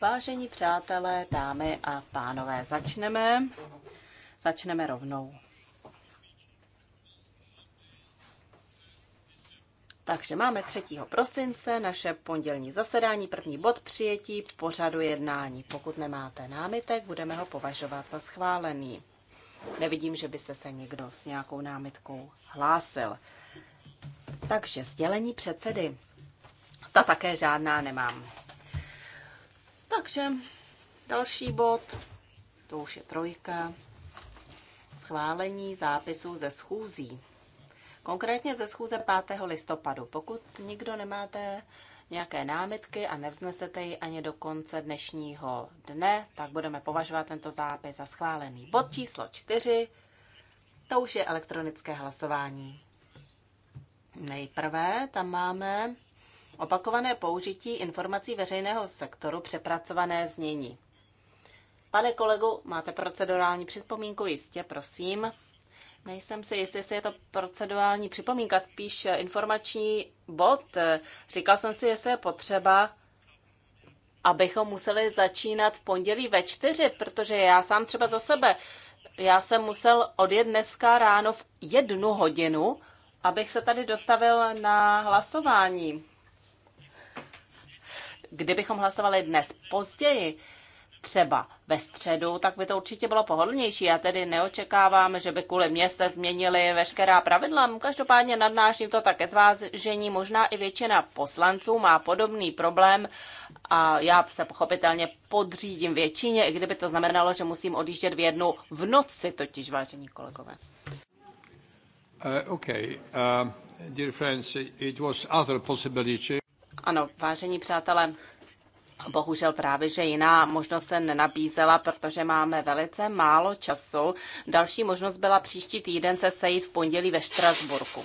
Vážení přátelé, dámy a pánové, začneme. Začneme rovnou. Takže máme 3. prosince naše pondělní zasedání, první bod přijetí pořadu jednání. Pokud nemáte námitek, budeme ho považovat za schválený. Nevidím, že by se se někdo s nějakou námitkou hlásil. Takže sdělení předsedy. Ta také žádná nemám. Takže další bod, to už je trojka, schválení zápisů ze schůzí. Konkrétně ze schůze 5. listopadu. Pokud nikdo nemáte nějaké námitky a nevznesete ji ani do konce dnešního dne, tak budeme považovat tento zápis za schválený. Bod číslo 4, to už je elektronické hlasování. Nejprve tam máme opakované použití informací veřejného sektoru přepracované znění. Pane kolegu, máte procedurální připomínku? Jistě, prosím. Nejsem si jistý, jestli je to procedurální připomínka, spíš informační bod. Říkal jsem si, jestli je potřeba, abychom museli začínat v pondělí ve čtyři, protože já sám třeba za sebe, já jsem musel odjet dneska ráno v jednu hodinu, abych se tady dostavil na hlasování kdybychom hlasovali dnes později, třeba ve středu, tak by to určitě bylo pohodlnější. Já tedy neočekávám, že by kvůli mě změnili veškerá pravidla. Každopádně nadnáším to také zvážení. Možná i většina poslanců má podobný problém a já se pochopitelně podřídím většině, i kdyby to znamenalo, že musím odjíždět v jednu v noci, totiž, vážení kolegové. Uh, okay. Uh, dear friends, it was other possibility ano, vážení přátelé, Bohužel právě, že jiná možnost se nenabízela, protože máme velice málo času. Další možnost byla příští týden se sejít v pondělí ve Štrasburku.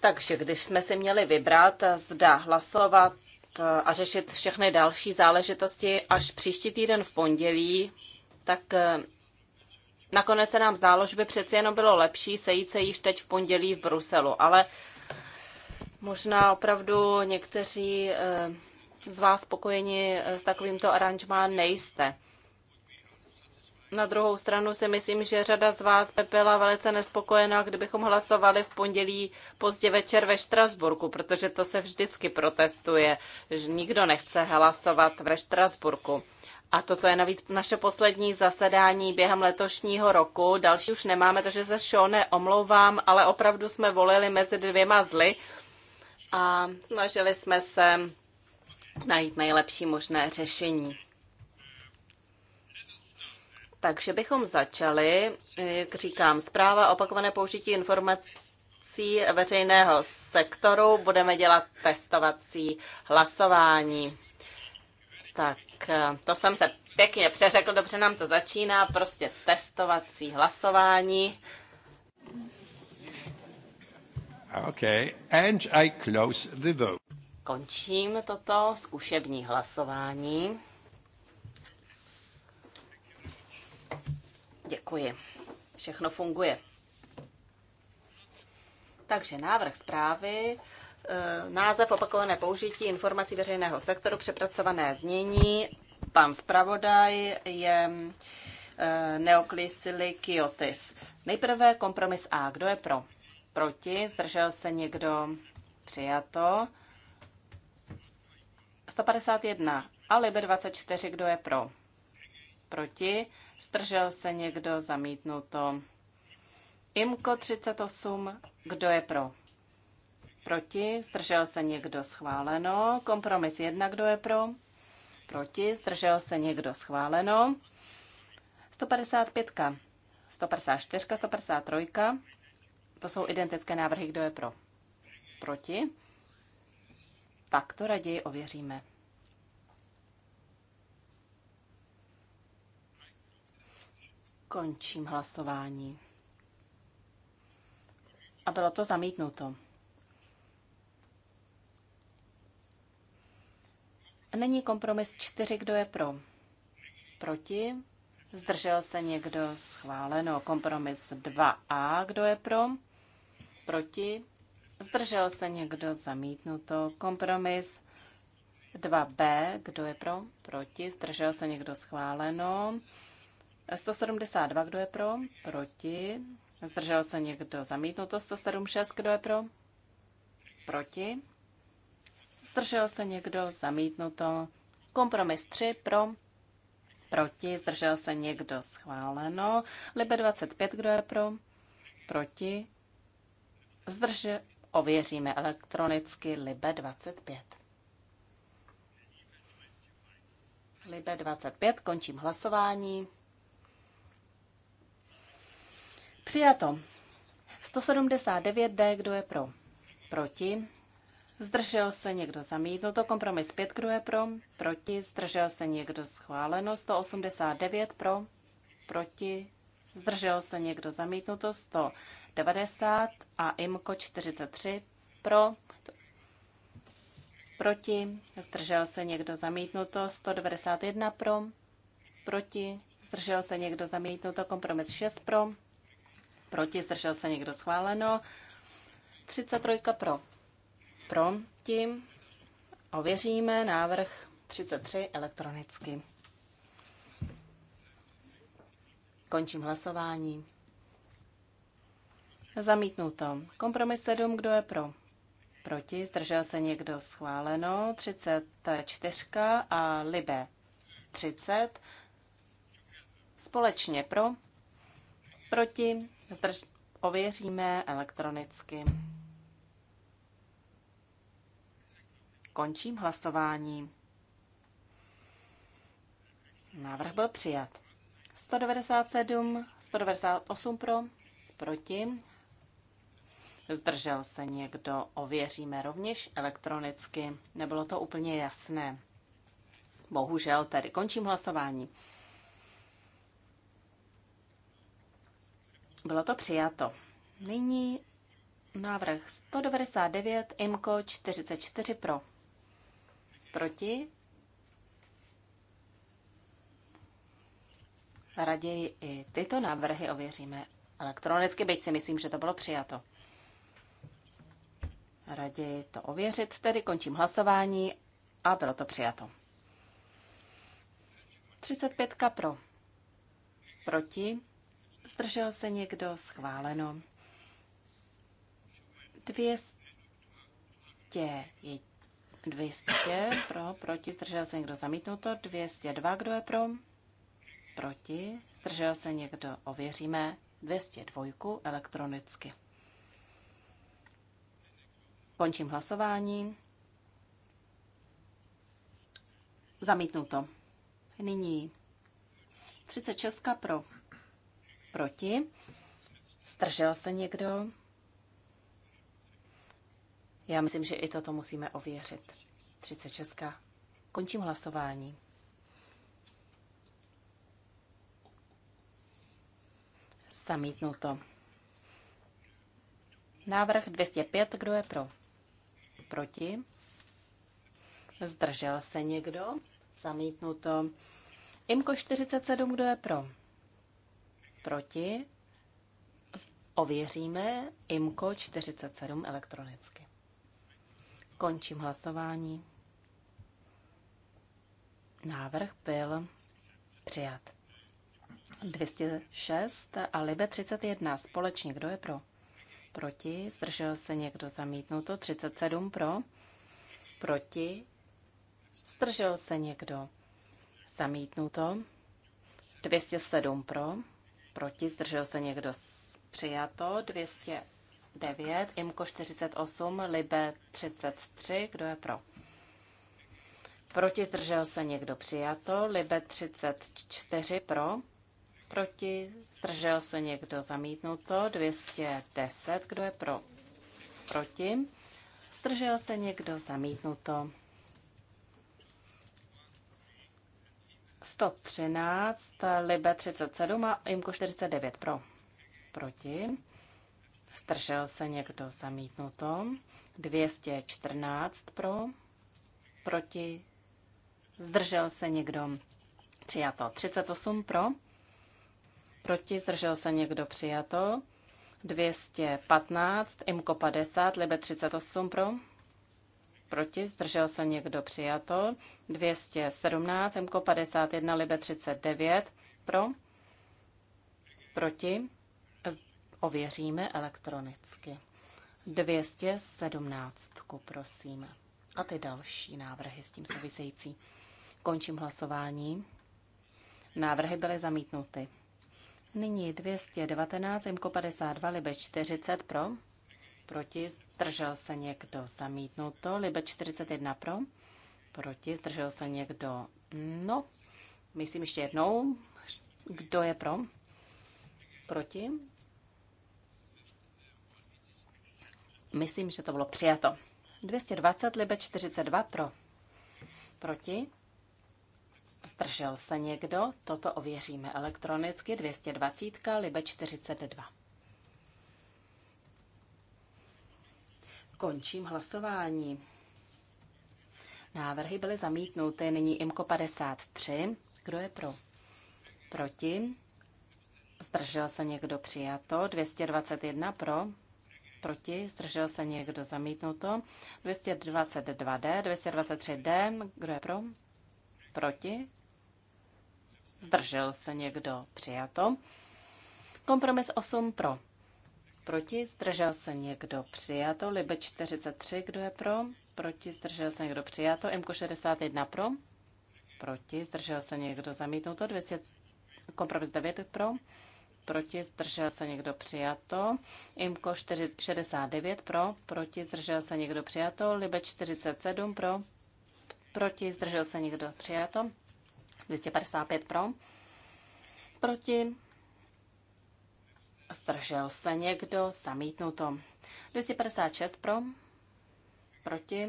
Takže když jsme si měli vybrat, zda hlasovat eh, a řešit všechny další záležitosti až příští týden v pondělí, tak eh, nakonec se nám zdálo, že by přeci jenom bylo lepší sejít se již teď v pondělí v Bruselu. Ale Možná opravdu někteří eh, z vás spokojeni eh, s takovýmto aranžmá nejste. Na druhou stranu si myslím, že řada z vás by byla velice nespokojená, kdybychom hlasovali v pondělí pozdě večer ve Štrasburku, protože to se vždycky protestuje, že nikdo nechce hlasovat ve Štrasburku. A toto je navíc naše poslední zasedání během letošního roku. Další už nemáme, takže se Šone omlouvám, ale opravdu jsme volili mezi dvěma zly a snažili jsme se najít nejlepší možné řešení. Takže bychom začali, jak říkám, zpráva opakované použití informací veřejného sektoru. Budeme dělat testovací hlasování. Tak to jsem se pěkně přeřekl, dobře nám to začíná, prostě testovací hlasování. Okay. And I close the vote. Končím toto zkušební hlasování. Děkuji. Všechno funguje. Takže návrh zprávy, e, název opakované použití informací veřejného sektoru, přepracované znění, pan zpravodaj je e, Neoklis Kiotis. Nejprve kompromis A. Kdo je pro? proti, zdržel se někdo, přijato. 151 a Libe 24, kdo je pro, proti, zdržel se někdo, zamítnuto. Imko 38, kdo je pro, proti, zdržel se někdo, schváleno. Kompromis 1, kdo je pro, proti, zdržel se někdo, schváleno. 155, 154, 153, to jsou identické návrhy, kdo je pro. Proti. Tak to raději ověříme. Končím hlasování. A bylo to zamítnuto. Není kompromis čtyři, kdo je pro. Proti. Zdržel se někdo schváleno. Kompromis 2a, kdo je pro. Proti? Zdržel se někdo zamítnuto? Kompromis 2b. Kdo je pro? Proti? Zdržel se někdo schváleno? 172. Kdo je pro? Proti? Zdržel se někdo zamítnuto? 176. Kdo je pro? Proti? Zdržel se někdo zamítnuto? Kompromis 3 pro? Proti? Zdržel se někdo schváleno? Libe 25. Kdo je pro? Proti? Zdrže ověříme elektronicky Libe 25. Libe 25, končím hlasování. Přijato. 179D, kdo je pro? Proti. Zdržel se někdo to kompromis 5, kdo je pro? Proti. Zdržel se někdo schváleno, 189 pro? Proti. Zdržel se někdo zamítnuto, 100. 90 a IMKO 43 pro, proti, zdržel se někdo zamítnuto, 191 pro, proti, zdržel se někdo zamítnuto, kompromis 6 pro, proti, zdržel se někdo schváleno, 33 pro, proti, ověříme návrh 33 elektronicky. Končím hlasování. Zamítnuto. Kompromis 7, kdo je pro? Proti, zdržel se někdo schváleno. 34 a Libe 30. Společně pro, proti, zdrž, ověříme elektronicky. Končím hlasování. Návrh byl přijat. 197, 198 pro, proti, zdržel se někdo, ověříme rovněž elektronicky. Nebylo to úplně jasné. Bohužel tedy končím hlasování. Bylo to přijato. Nyní návrh 199, IMCO 44 pro. Proti? Raději i tyto návrhy ověříme elektronicky, byť si myslím, že to bylo přijato raději to ověřit. Tedy končím hlasování a bylo to přijato. 35 pro. Proti. Zdržel se někdo schváleno. 200 je 200 pro, proti, zdržel se někdo zamítnuto, 202, kdo je pro, proti, zdržel se někdo, ověříme, 202 elektronicky. Končím hlasování. Zamítnuto. Nyní 36 pro. Proti. Stržel se někdo? Já myslím, že i toto musíme ověřit. 36. Končím hlasování. Zamítnuto. Návrh 205. Kdo je pro? proti? Zdržel se někdo? Zamítnuto. Imko 47, kdo je pro? Proti? Ověříme Imko 47 elektronicky. Končím hlasování. Návrh byl přijat. 206 a Libe 31 společně. Kdo je pro? proti, zdržel se někdo zamítnuto, 37 pro, proti, zdržel se někdo zamítnuto, 207 pro, proti, zdržel se někdo přijato, 209, IMKO 48, LIBE 33, kdo je pro? Proti zdržel se někdo přijato, LIBE 34 pro, Proti? Zdržel se někdo? Zamítnuto. 210. Kdo je pro? Proti? Zdržel se někdo? Zamítnuto. 113, Libe 37 a Imko 49 pro. Proti. Zdržel se někdo? Zamítnuto. 214 pro. Proti. Zdržel se někdo? Přijato. 38 pro proti, zdržel se někdo přijato. 215, IMKO 50, Libe 38 pro, proti, zdržel se někdo přijato. 217, IMKO 51, Libe 39 pro, proti, ověříme elektronicky. 217, prosím. A ty další návrhy s tím související. Končím hlasování. Návrhy byly zamítnuty. Nyní 219, Imko 52, Libe 40 pro, proti, zdržel se někdo zamítnuto, Libe 41 pro, proti, zdržel se někdo, no, myslím ještě jednou, kdo je pro, proti, myslím, že to bylo přijato. 220, Libe 42 pro, proti, Zdržel se někdo? Toto ověříme elektronicky. 220, Libe 42. Končím hlasování. Návrhy byly zamítnuty. Nyní IMKO 53. Kdo je pro? Proti? Zdržel se někdo přijato? 221 pro? Proti? Zdržel se někdo zamítnuto? 222D, 223D. Kdo je pro? Proti? Zdržel se někdo? Přijato. Kompromis 8 pro. Proti? Zdržel se někdo? Přijato. Libe 43, kdo je pro? Proti? Zdržel se někdo? Přijato. Mko 61 pro. Proti? Zdržel se někdo? Zamítnuto. 200, kompromis 9 pro. Proti? Zdržel se někdo? Přijato. IMKO 4, 69 pro. Proti? Zdržel se někdo? Přijato. Libe 47 pro. Proti? Zdržel se někdo? Přijato. 255 pro. Proti. Zdržel se někdo? Zamítnuto. 256 pro. Proti.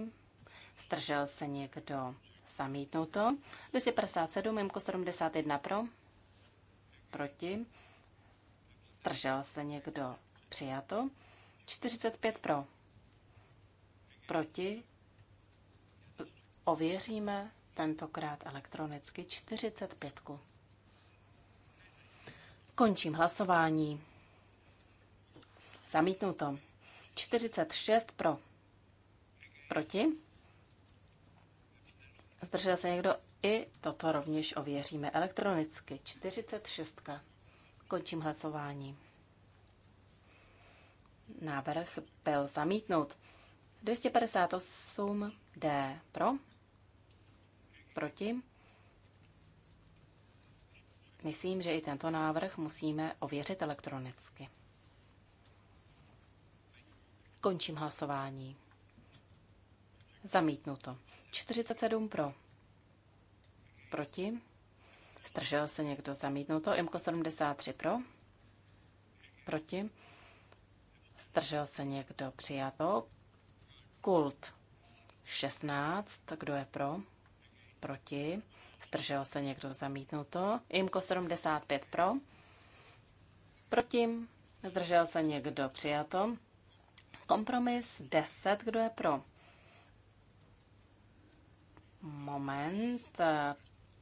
Zdržel se někdo? Zamítnuto. 257, Mimko 71 pro. Proti. Zdržel se někdo? Přijato. 45 pro. Proti. Ověříme tentokrát elektronicky 45. Končím hlasování. Zamítnuto. 46 pro. Proti. Zdržel se někdo? I toto rovněž ověříme elektronicky. 46. Končím hlasování. Návrh byl zamítnut. 258D pro, proti. Myslím, že i tento návrh musíme ověřit elektronicky. Končím hlasování. Zamítnuto. 47 pro. Proti. Stržel se někdo zamítnuto. Imko 73 pro. Proti. Stržel se někdo přijato. Kult 16. Kdo je pro? proti, zdržel se někdo zamítnuto, IMKO 75 pro, proti, zdržel se někdo přijato, kompromis 10, kdo je pro. Moment,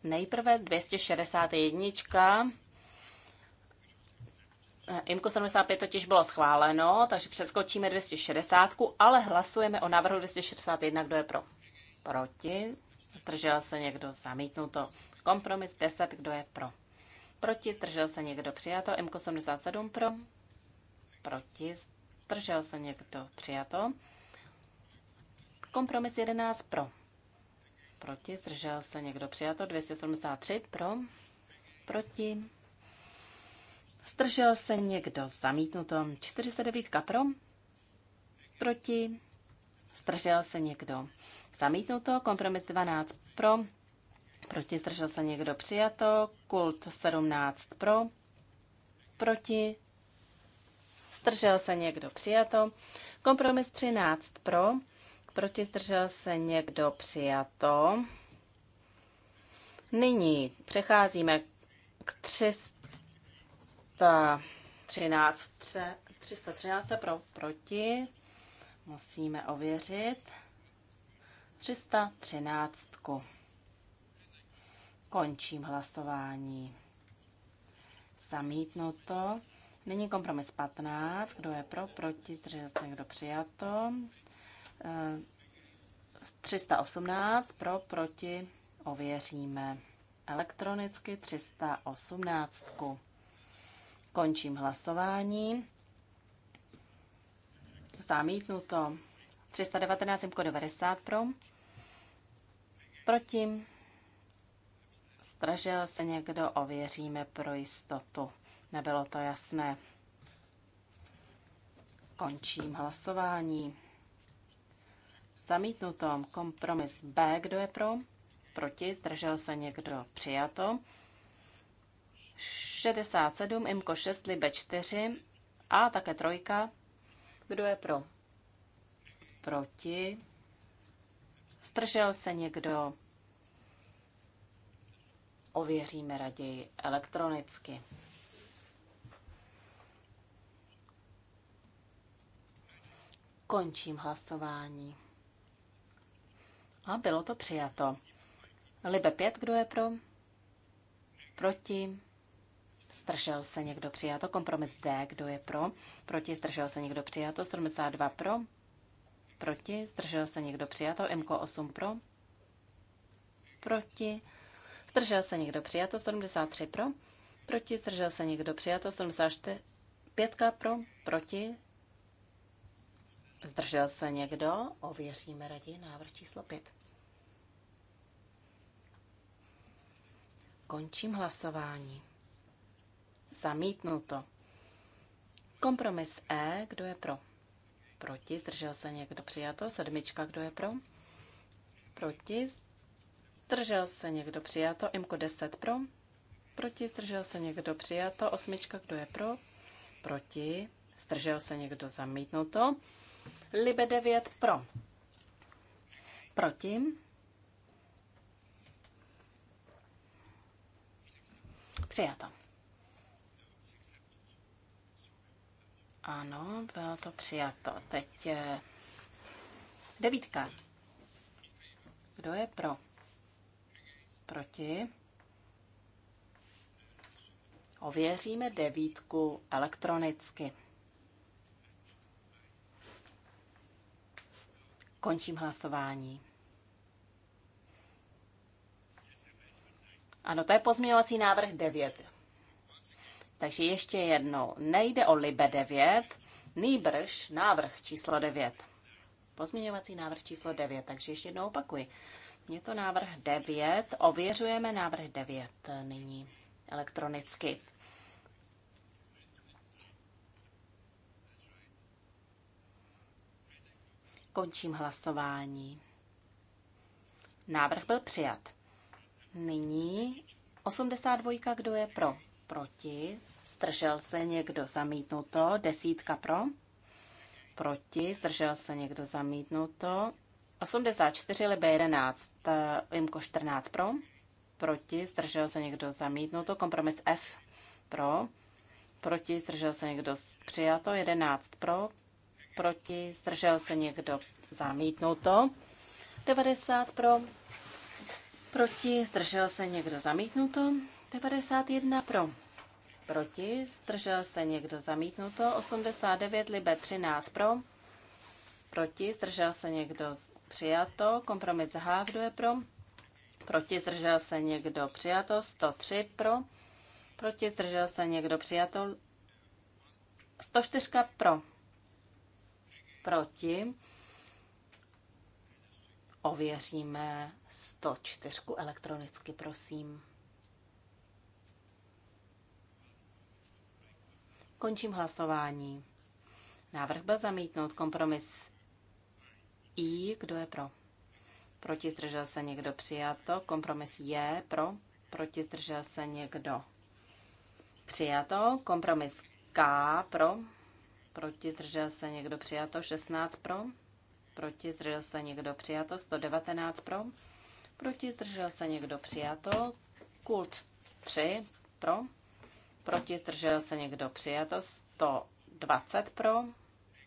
nejprve 261, IMKO 75 totiž bylo schváleno, takže přeskočíme 260, ale hlasujeme o návrhu 261, kdo je pro. Proti zdržel se někdo, zamítnuto. Kompromis 10, kdo je pro. Proti, zdržel se někdo, přijato. MK 77 pro. Proti, zdržel se někdo, přijato. Kompromis 11 pro. Proti, zdržel se někdo, přijato. 273 pro. Proti. Zdržel se někdo, zamítnuto. 49 pro. Proti. Zdržel se někdo. Zamítnuto. Kompromis 12 pro. Proti zdržel se někdo přijato. Kult 17 pro. Proti. Zdržel se někdo přijato. Kompromis 13 pro. Proti zdržel se někdo přijato. Nyní přecházíme k 313. 313 pro proti. Musíme ověřit. 313. Končím hlasování. Zamítnuto. Nyní kompromis 15. Kdo je pro, proti, držel se někdo přijato. 318 eh, pro, proti, ověříme. Elektronicky 318. Končím hlasování. Zamítnuto. 319, Imko 90 pro. Proti. Zdržel se někdo, ověříme pro jistotu. Nebylo to jasné. Končím hlasování. Zamítnuto kompromis B, kdo je pro? Proti, zdržel se někdo, přijato. 67, IMKO 6, LIBE 4 a také trojka. Kdo je pro? proti, Stržel se někdo, ověříme raději elektronicky. Končím hlasování. A bylo to přijato. Libe 5, kdo je pro? Proti? Zdržel se někdo přijato. Kompromis D, kdo je pro? Proti? Zdržel se někdo přijato. 72 pro? Proti? Zdržel se někdo přijato? MK8 pro? Proti? Zdržel se někdo přijato? 73 pro? Proti? Zdržel se někdo přijato? 74 pětka pro? Proti? Zdržel se někdo? Ověříme raději návrh číslo 5. Končím hlasování. Zamítnuto. Kompromis E, kdo je pro? Proti. Zdržel se někdo přijato. Sedmička. Kdo je pro? Proti. Zdržel se někdo přijato. Imko 10 pro. Proti. Zdržel se někdo přijato. Osmička. Kdo je pro? Proti. Zdržel se někdo zamítnuto. Libe 9 pro. Proti. Přijato. Ano, bylo to přijato. Teď eh, devítka. Kdo je pro? Proti? Ověříme devítku elektronicky. Končím hlasování. Ano, to je pozměňovací návrh 9. Takže ještě jednou, nejde o Libe 9, nýbrž návrh číslo 9. Pozměňovací návrh číslo 9, takže ještě jednou opakuji. Je to návrh 9, ověřujeme návrh 9 nyní elektronicky. Končím hlasování. Návrh byl přijat. Nyní 82. Kdo je pro? proti, zdržel se někdo zamítnuto, desítka pro, proti, zdržel se někdo zamítnuto, 84 libe 11, imko 14 pro, proti, zdržel se někdo zamítnuto, kompromis F pro, proti, zdržel se někdo přijato, 11 pro, proti, zdržel se někdo zamítnuto, 90 pro, proti, zdržel se někdo zamítnuto, 91 pro. Proti. Zdržel se někdo zamítnuto. 89 libe 13 pro. Proti. Zdržel se někdo přijato. Kompromis H. Kdo je pro? Proti. Zdržel se někdo přijato. 103 pro. Proti. Zdržel se někdo přijato. 104 pro. Proti. Ověříme 104 elektronicky, prosím. Končím hlasování. Návrh byl zamítnut. Kompromis I. Kdo je pro? Proti zdržel se někdo přijato. Kompromis je pro. Proti zdržel se někdo přijato. Kompromis K pro. Proti zdržel se někdo přijato. 16 pro. Proti zdržel se někdo přijato. 119 pro. Proti zdržel se někdo přijato. Kult 3 pro proti, zdržel se někdo přijato, 120 pro,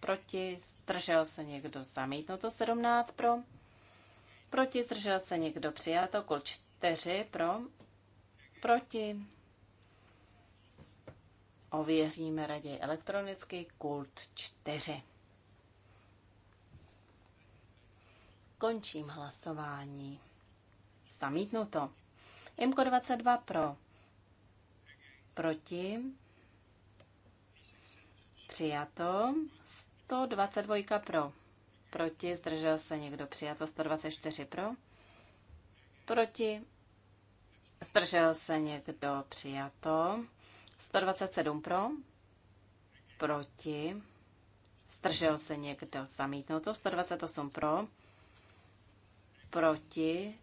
proti, zdržel se někdo zamítnuto, 17 pro, proti, zdržel se někdo přijato, kol 4 pro, proti, ověříme raději elektronicky, kult 4. Končím hlasování. Zamítnuto. Imko 22 pro Proti? Přijato. 122 pro. Proti? Zdržel se někdo? Přijato. 124 pro. Proti? Zdržel se někdo? Přijato. 127 pro. Proti? Zdržel se někdo? Zamítnuto. 128 pro. Proti?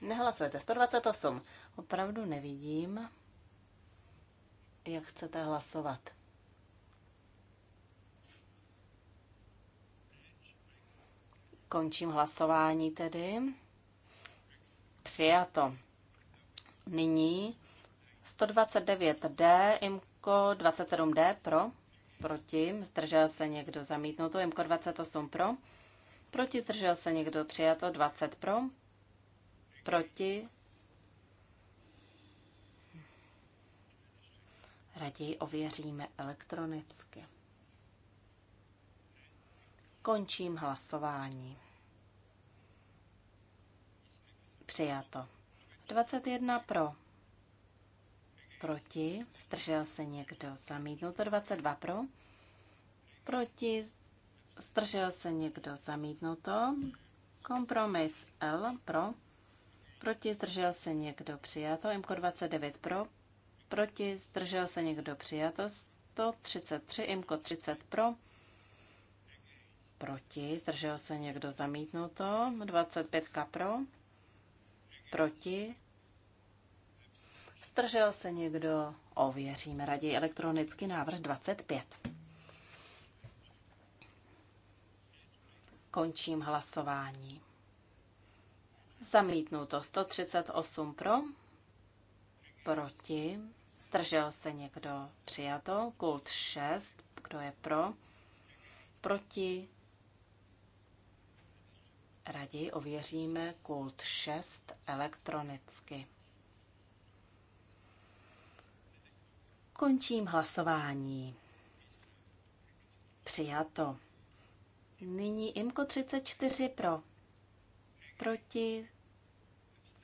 Nehlasujete. 128. Opravdu nevidím, jak chcete hlasovat. Končím hlasování tedy. Přijato. Nyní 129D, IMKO 27D pro, proti, zdržel se někdo zamítnuto, IMKO 28 pro, proti, zdržel se někdo přijato, 20 pro, Proti? Raději ověříme elektronicky. Končím hlasování. Přijato. 21 pro. Proti. Stržel se někdo. to 22 pro. Proti. Stržel se někdo. to Kompromis L pro. Proti zdržel se někdo přijato. Imko 29 pro. Proti zdržel se někdo přijato. 133. Imko 30 pro. Proti zdržel se někdo zamítnuto. 25 pro. Proti. Zdržel se někdo. Ověříme raději elektronicky návrh 25. Končím hlasování. Zamítnuto 138 pro, proti, zdržel se někdo přijato, kult 6, kdo je pro, proti, raději ověříme kult 6 elektronicky. Končím hlasování. Přijato. Nyní IMKO 34 pro proti,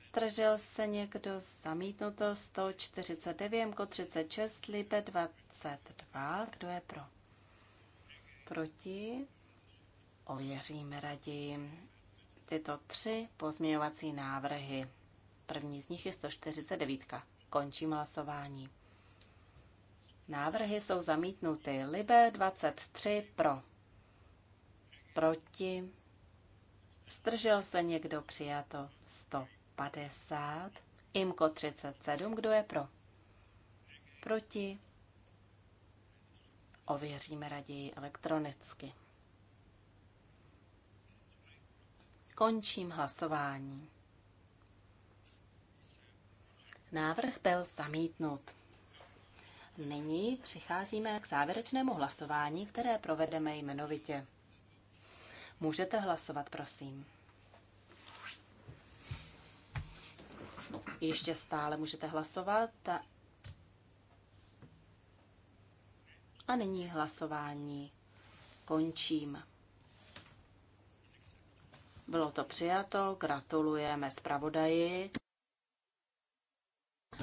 zdržel se někdo zamítnuto 149, ko 36, libe 22. Kdo je pro? Proti? Ověříme raději tyto tři pozměňovací návrhy. První z nich je 149. Končím hlasování. Návrhy jsou zamítnuty. Libe 23 pro. Proti? Zdržel se někdo přijato 150. Imko 37. Kdo je pro? Proti? Ověříme raději elektronicky. Končím hlasování. Návrh byl zamítnut. Nyní přicházíme k závěrečnému hlasování, které provedeme jmenovitě. Můžete hlasovat, prosím. Ještě stále můžete hlasovat. A nyní hlasování končím. Bylo to přijato, gratulujeme zpravodaji.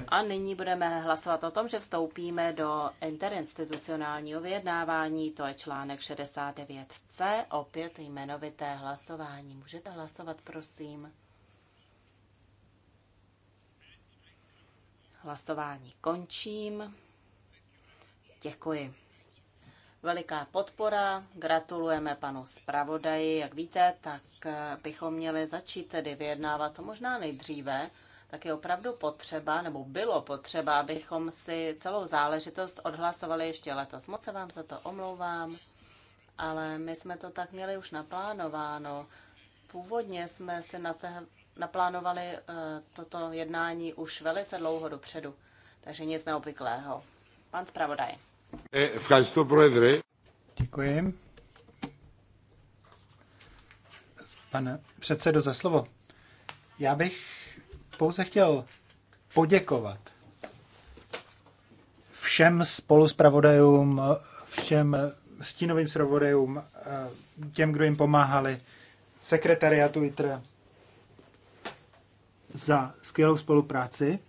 A nyní budeme hlasovat o tom, že vstoupíme do interinstitucionálního vyjednávání, to je článek 69c, opět jmenovité hlasování. Můžete hlasovat, prosím. Hlasování končím. Děkuji. Veliká podpora, gratulujeme panu zpravodaji. Jak víte, tak bychom měli začít tedy vyjednávat co možná nejdříve, tak je opravdu potřeba, nebo bylo potřeba, abychom si celou záležitost odhlasovali ještě letos. Moc se vám za to omlouvám, ale my jsme to tak měli už naplánováno. Původně jsme si na te, naplánovali eh, toto jednání už velice dlouho dopředu, takže nic neobvyklého. Pan zpravodaj. Děkuji. Pane předsedo, za slovo. Já bych pouze chtěl poděkovat všem spoluspravodajům, všem stínovým zpravodajům, těm, kdo jim pomáhali, sekretariatu ITRE za skvělou spolupráci.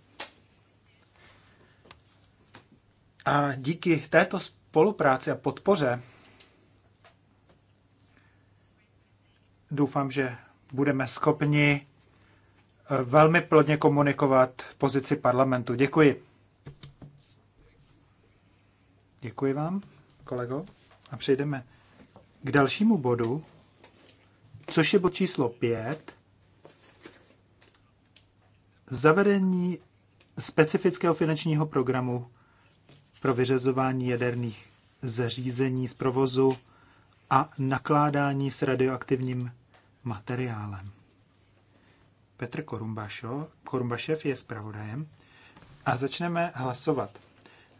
A díky této spolupráci a podpoře doufám, že budeme schopni velmi plodně komunikovat pozici parlamentu. Děkuji. Děkuji vám, kolego. A přejdeme k dalšímu bodu, což je bod číslo 5. Zavedení specifického finančního programu pro vyřazování jaderných zařízení z provozu a nakládání s radioaktivním materiálem. Petr Korumbašo, Korumbašev je zpravodajem. A začneme hlasovat.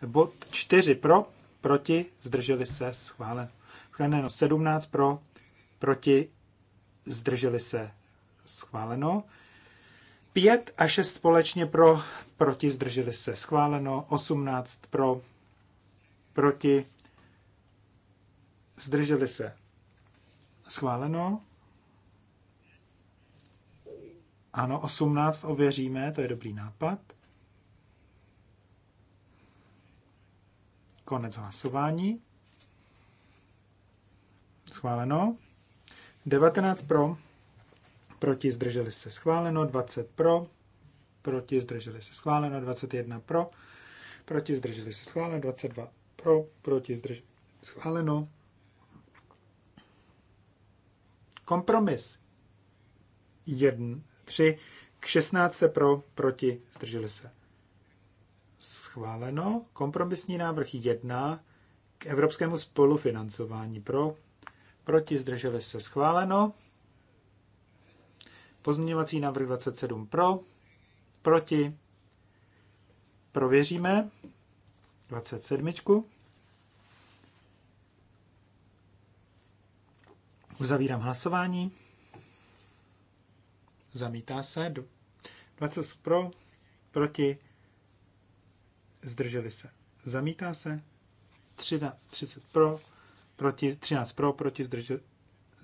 Bod 4 pro, proti, zdrželi se, schválen. Schváleno no, 17 pro, proti, zdrželi se, schváleno. 5 a 6 společně pro, proti, zdrželi se, schváleno. 18 pro, proti, zdrželi se, schváleno. Ano, 18 ověříme, to je dobrý nápad. Konec hlasování. Schváleno. 19 pro, proti zdrželi se schváleno, 20 pro, proti zdrželi se schváleno, 21 pro, proti zdrželi se schváleno, 22 pro, proti zdrželi schváleno. Kompromis 1 3 k 16 se pro, proti, zdrželi se. Schváleno. Kompromisní návrh 1 k evropskému spolufinancování pro, proti, zdrželi se. Schváleno. Pozměňovací návrh 27 pro, proti, prověříme 27. Uzavírám hlasování zamítá se. 20 pro, proti, zdrželi se, zamítá se. 13, 30 pro, proti, 13 pro, proti, zdrželi,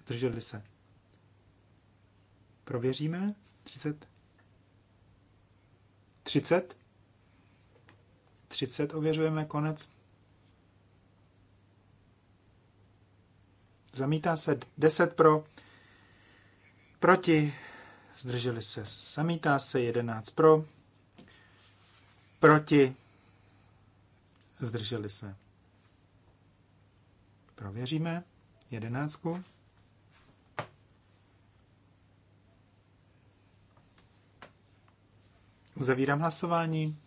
zdrželi se. Prověříme. 30. 30. 30 ověřujeme konec. Zamítá se 10 pro, proti, zdrželi se, Samítá se, 11 pro, proti, zdrželi se. Prověříme jedenáctku. Uzavírám hlasování.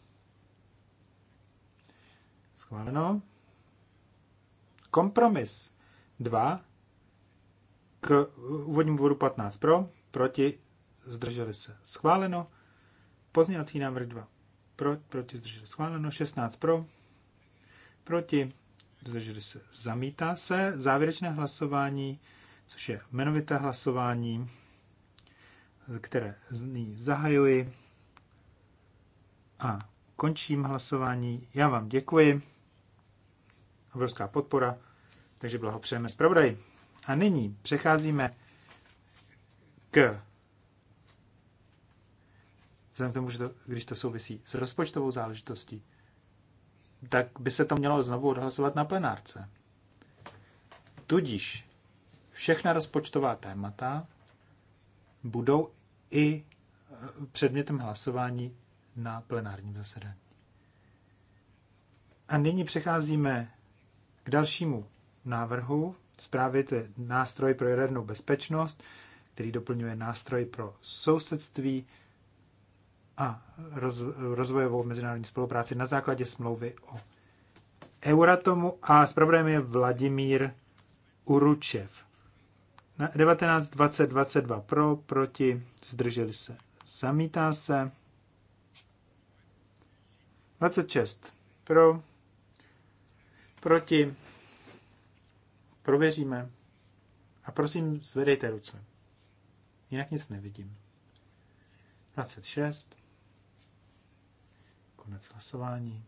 Schváleno. Kompromis 2 k úvodnímu bodu 15 pro, proti zdrželi se, schváleno. Pozněvací návrh 2, pro, proti, zdrželi, schváleno. 16 pro, proti, zdrželi se, zamítá se. Závěrečné hlasování, což je jmenovité hlasování, které nyní zahajuji a končím hlasování. Já vám děkuji. Obrovská podpora, takže blahopřejeme zpravodaji. A nyní přecházíme k vzhledem k tomu, že to, když to souvisí s rozpočtovou záležitostí, tak by se to mělo znovu odhlasovat na plenárce. Tudíž všechna rozpočtová témata budou i e, předmětem hlasování na plenárním zasedání. A nyní přecházíme k dalšímu návrhu. Zprávě to je nástroj pro jadernou bezpečnost, který doplňuje nástroj pro sousedství, a rozvojovou mezinárodní spolupráci na základě smlouvy o Euratomu a s problémem je Vladimír Uručev. Na 19, 20, 22 pro, proti, zdrželi se, zamítá se. 26 pro, proti, prověříme. A prosím, zvedejte ruce. Jinak nic nevidím. 26 Konec hlasování.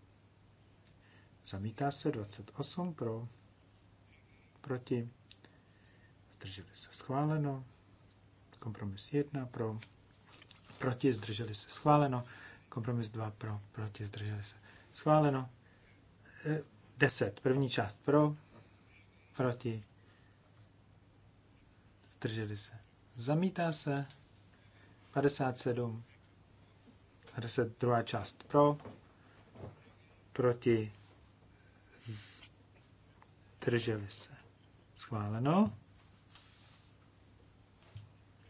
Zamítá se 28 pro, proti, zdrželi se schváleno. Kompromis 1 pro, proti, zdrželi se schváleno. Kompromis 2 pro, proti, zdrželi se schváleno. 10. E, první část pro, proti, zdrželi se. Zamítá se 57 10 druhá část pro, proti, zdrželi se. Schváleno.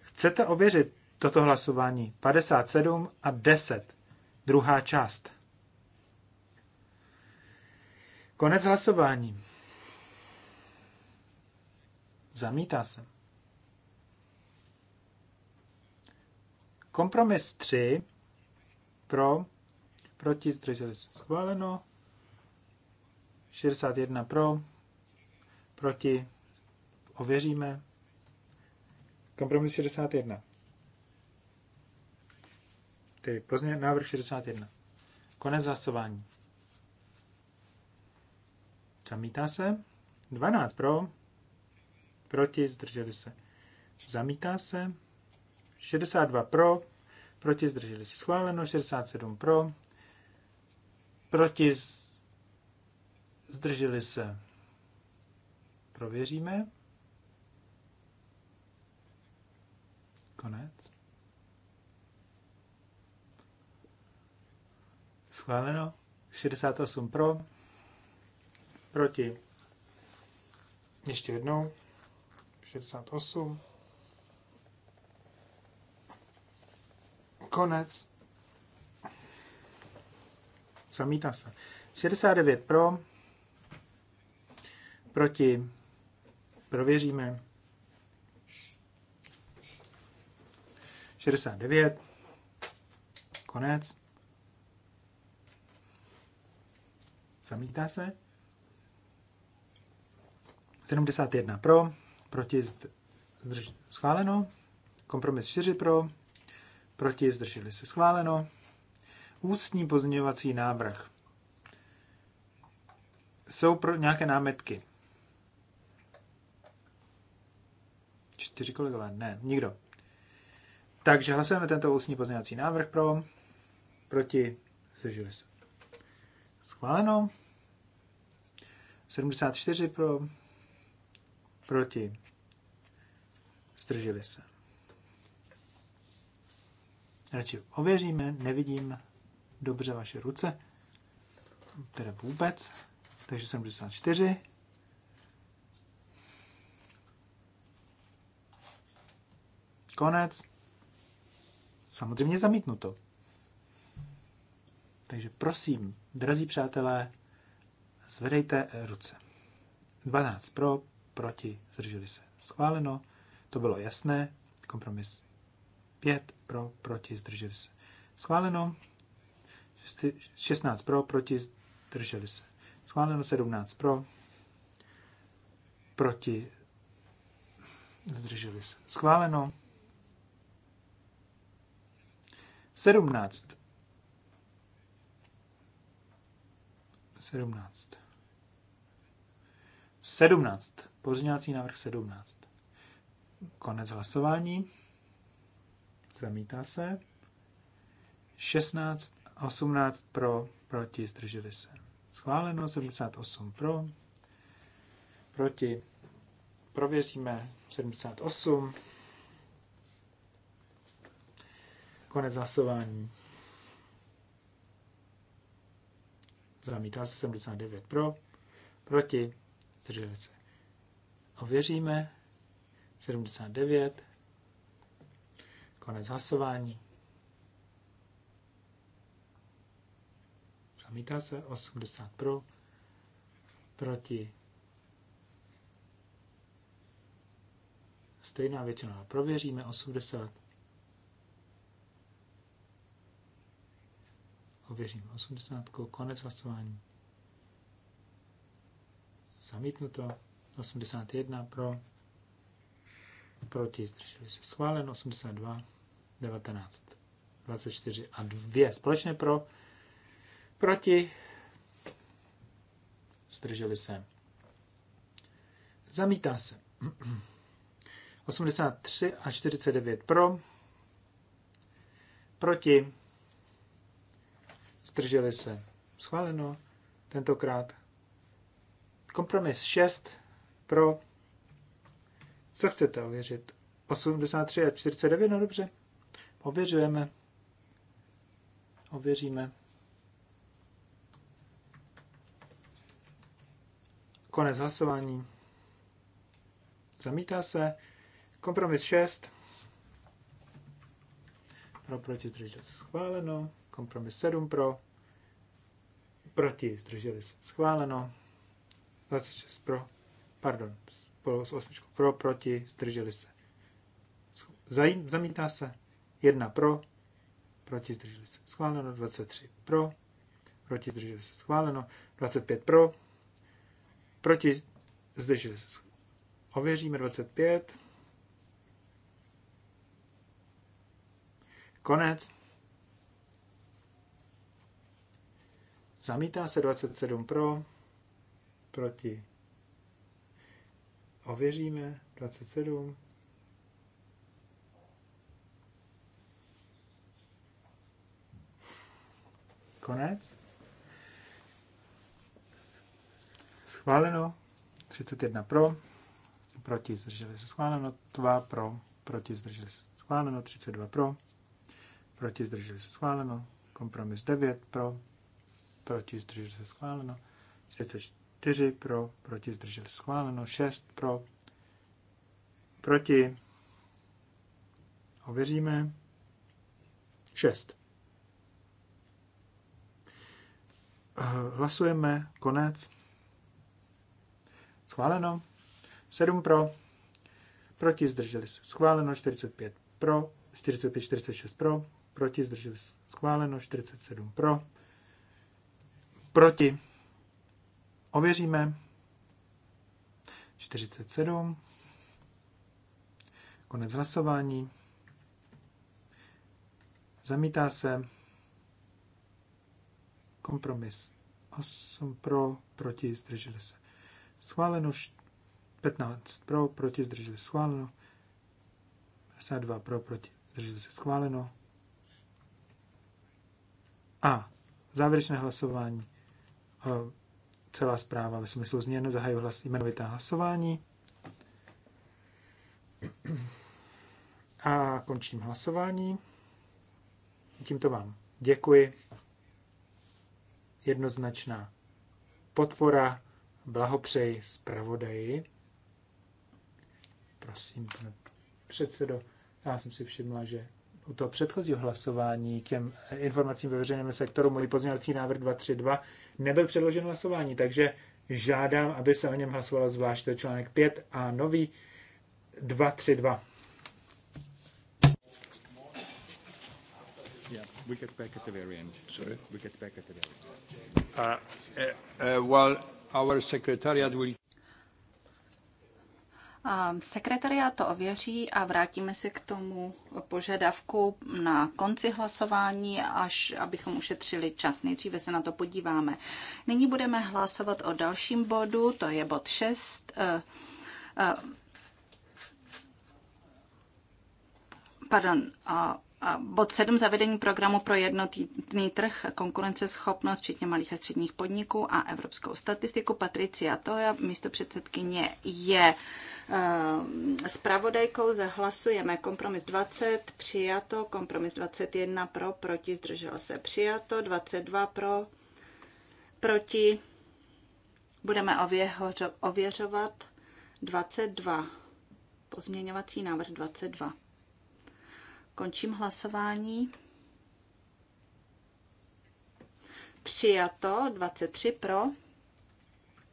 Chcete ověřit toto hlasování 57 a 10, druhá část. Konec hlasování. Zamítá se. Kompromis 3 pro, proti, zdrželi se schváleno. 61 pro, proti, ověříme. Kompromis 61. Tedy pozdě, návrh 61. Konec hlasování. Zamítá se. 12 pro, proti, zdrželi se. Zamítá se. 62 pro, proti zdrželi se schváleno, 67 pro, proti zdrželi se prověříme. Konec. Schváleno. 68 pro. Proti. Ještě jednou. 68. Konec. Zamítá se. 69 pro. Proti. Prověříme. 69. Konec. Zamítá se. 71 pro. Proti zdrž... schváleno. Kompromis 4 pro proti, zdrželi se schváleno. Ústní pozměňovací návrh. Jsou pro nějaké námetky? Čtyři kolegové, ne, nikdo. Takže hlasujeme tento ústní pozměňovací návrh pro, proti, zdrželi se. Schváleno. 74 pro, proti, zdrželi se. Radši ověříme, nevidím dobře vaše ruce, které vůbec, takže 74. Konec. Samozřejmě zamítnuto. Takže prosím, drazí přátelé, zvedejte ruce. 12 pro, proti, zdrželi se. Schváleno, to bylo jasné, kompromis 5 pro, proti, zdrželi se. Schváleno. 16 pro, proti, zdrželi se. Schváleno 17 pro, proti, zdrželi se. Schváleno. 17. 17. 17. Pozměňovací návrh 17. Konec hlasování zamítá se. 16, 18 pro, proti, zdrželi se. Schváleno, 78 pro, proti. Prověříme 78. Konec hlasování. Zamítá se 79 pro, proti, zdrželi se. Ověříme 79. Konec hlasování. Zamítá se 80 pro, proti stejná většina. Prověříme 80. Ověříme 80. Konec hlasování. Zamítnuto. 81 pro. Proti zdrželi se schválen. 82 19, 24 a 2 společně pro, proti, zdrželi se. Zamítá se. 83 a 49 pro, proti, zdrželi se. Schváleno tentokrát. Kompromis 6 pro, co chcete ověřit? 83 a 49, no dobře. Ověřujeme. Ověříme. Konec hlasování. Zamítá se. Kompromis 6. Pro, proti, zdrželi se schváleno. Kompromis 7 pro. Proti, zdrželi se schváleno. 26 pro. Pardon, spolu s osmičkou pro, proti, zdrželi se. Zaj, zamítá se. 1 pro, proti zdrželi se schváleno, 23 pro, proti zdrželi se schváleno, 25 pro, proti zdrželi se schváleno. Ověříme 25. Konec. Zamítá se 27 pro, proti. Ověříme 27. Konec. Schváleno. 31 pro. Proti zdrželi se schváleno. 2 pro. Proti zdrželi se schváleno. 32 pro. Proti zdrželi se schváleno. Kompromis 9 pro. Proti zdrželi se schváleno. 44 pro. Proti zdrželi se schváleno. 6 pro. Proti. Ověříme. 6. Eh, hlasujeme. Konec. Schváleno. 7 pro. Proti zdrželi se. Schváleno 45 pro. 45, 46 pro. Proti zdrželi se. Schváleno 47 pro. Proti. Ověříme. 47. Konec hlasování. Zamítá se. Kompromis 8 pro, proti, zdrželi se. Schváleno 15 pro, proti, zdrželi se. Schváleno 52 pro, proti, zdrželi se. Schváleno. A závěrečné hlasování. Celá zpráva ve smyslu změn zahajuje hlas, jmenovité hlasování. A končím hlasování. Tímto vám děkuji jednoznačná. Podpora, blahopřeji zpravodaji. Prosím, pane předsedo, já jsem si všimla, že u toho předchozího hlasování těm informacím ve veřejném sektoru můj pozměňovací návrh 232 nebyl předložen hlasování, takže žádám, aby se o něm hlasovala zvlášť článek 5 a nový 232. We get back at the very end. Sorry? We get back at the very end. Uh, uh, uh, well, our secretariat will... Um, sekretariát to ověří a vrátíme se k tomu požadavku na konci hlasování, až abychom ušetřili čas. Nejdříve se na to podíváme. Nyní budeme hlasovat o dalším bodu, to je bod 6. Uh, pardon, Bod 7. Zavedení programu pro jednotný trh, konkurenceschopnost, včetně malých a středních podniků a evropskou statistiku. Patricia Toja, místo předsedkyně, je eh, zpravodajkou. Zahlasujeme kompromis 20, přijato, kompromis 21 pro, proti, zdrželo se, přijato, 22 pro, proti, budeme ověřovat 22, pozměňovací návrh 22. Končím hlasování. Přijato 23 pro,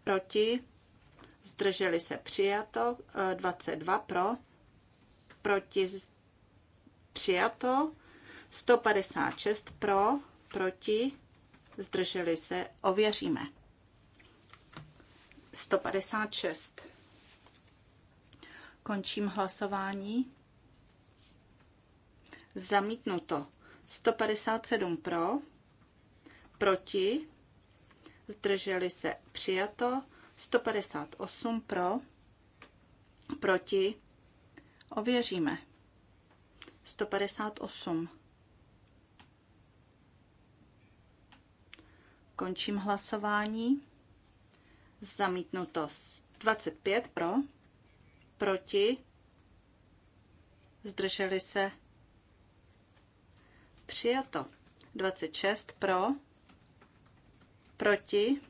proti, zdrželi se přijato 22 eh, pro, proti, přijato 156 pro, proti, zdrželi se, ověříme. 156. Končím hlasování. Zamítnuto. 157 pro, proti, zdrželi se přijato, 158 pro, proti, ověříme. 158. Končím hlasování. Zamítnuto 25 pro, proti, zdrželi se Přijato. 26 pro, proti,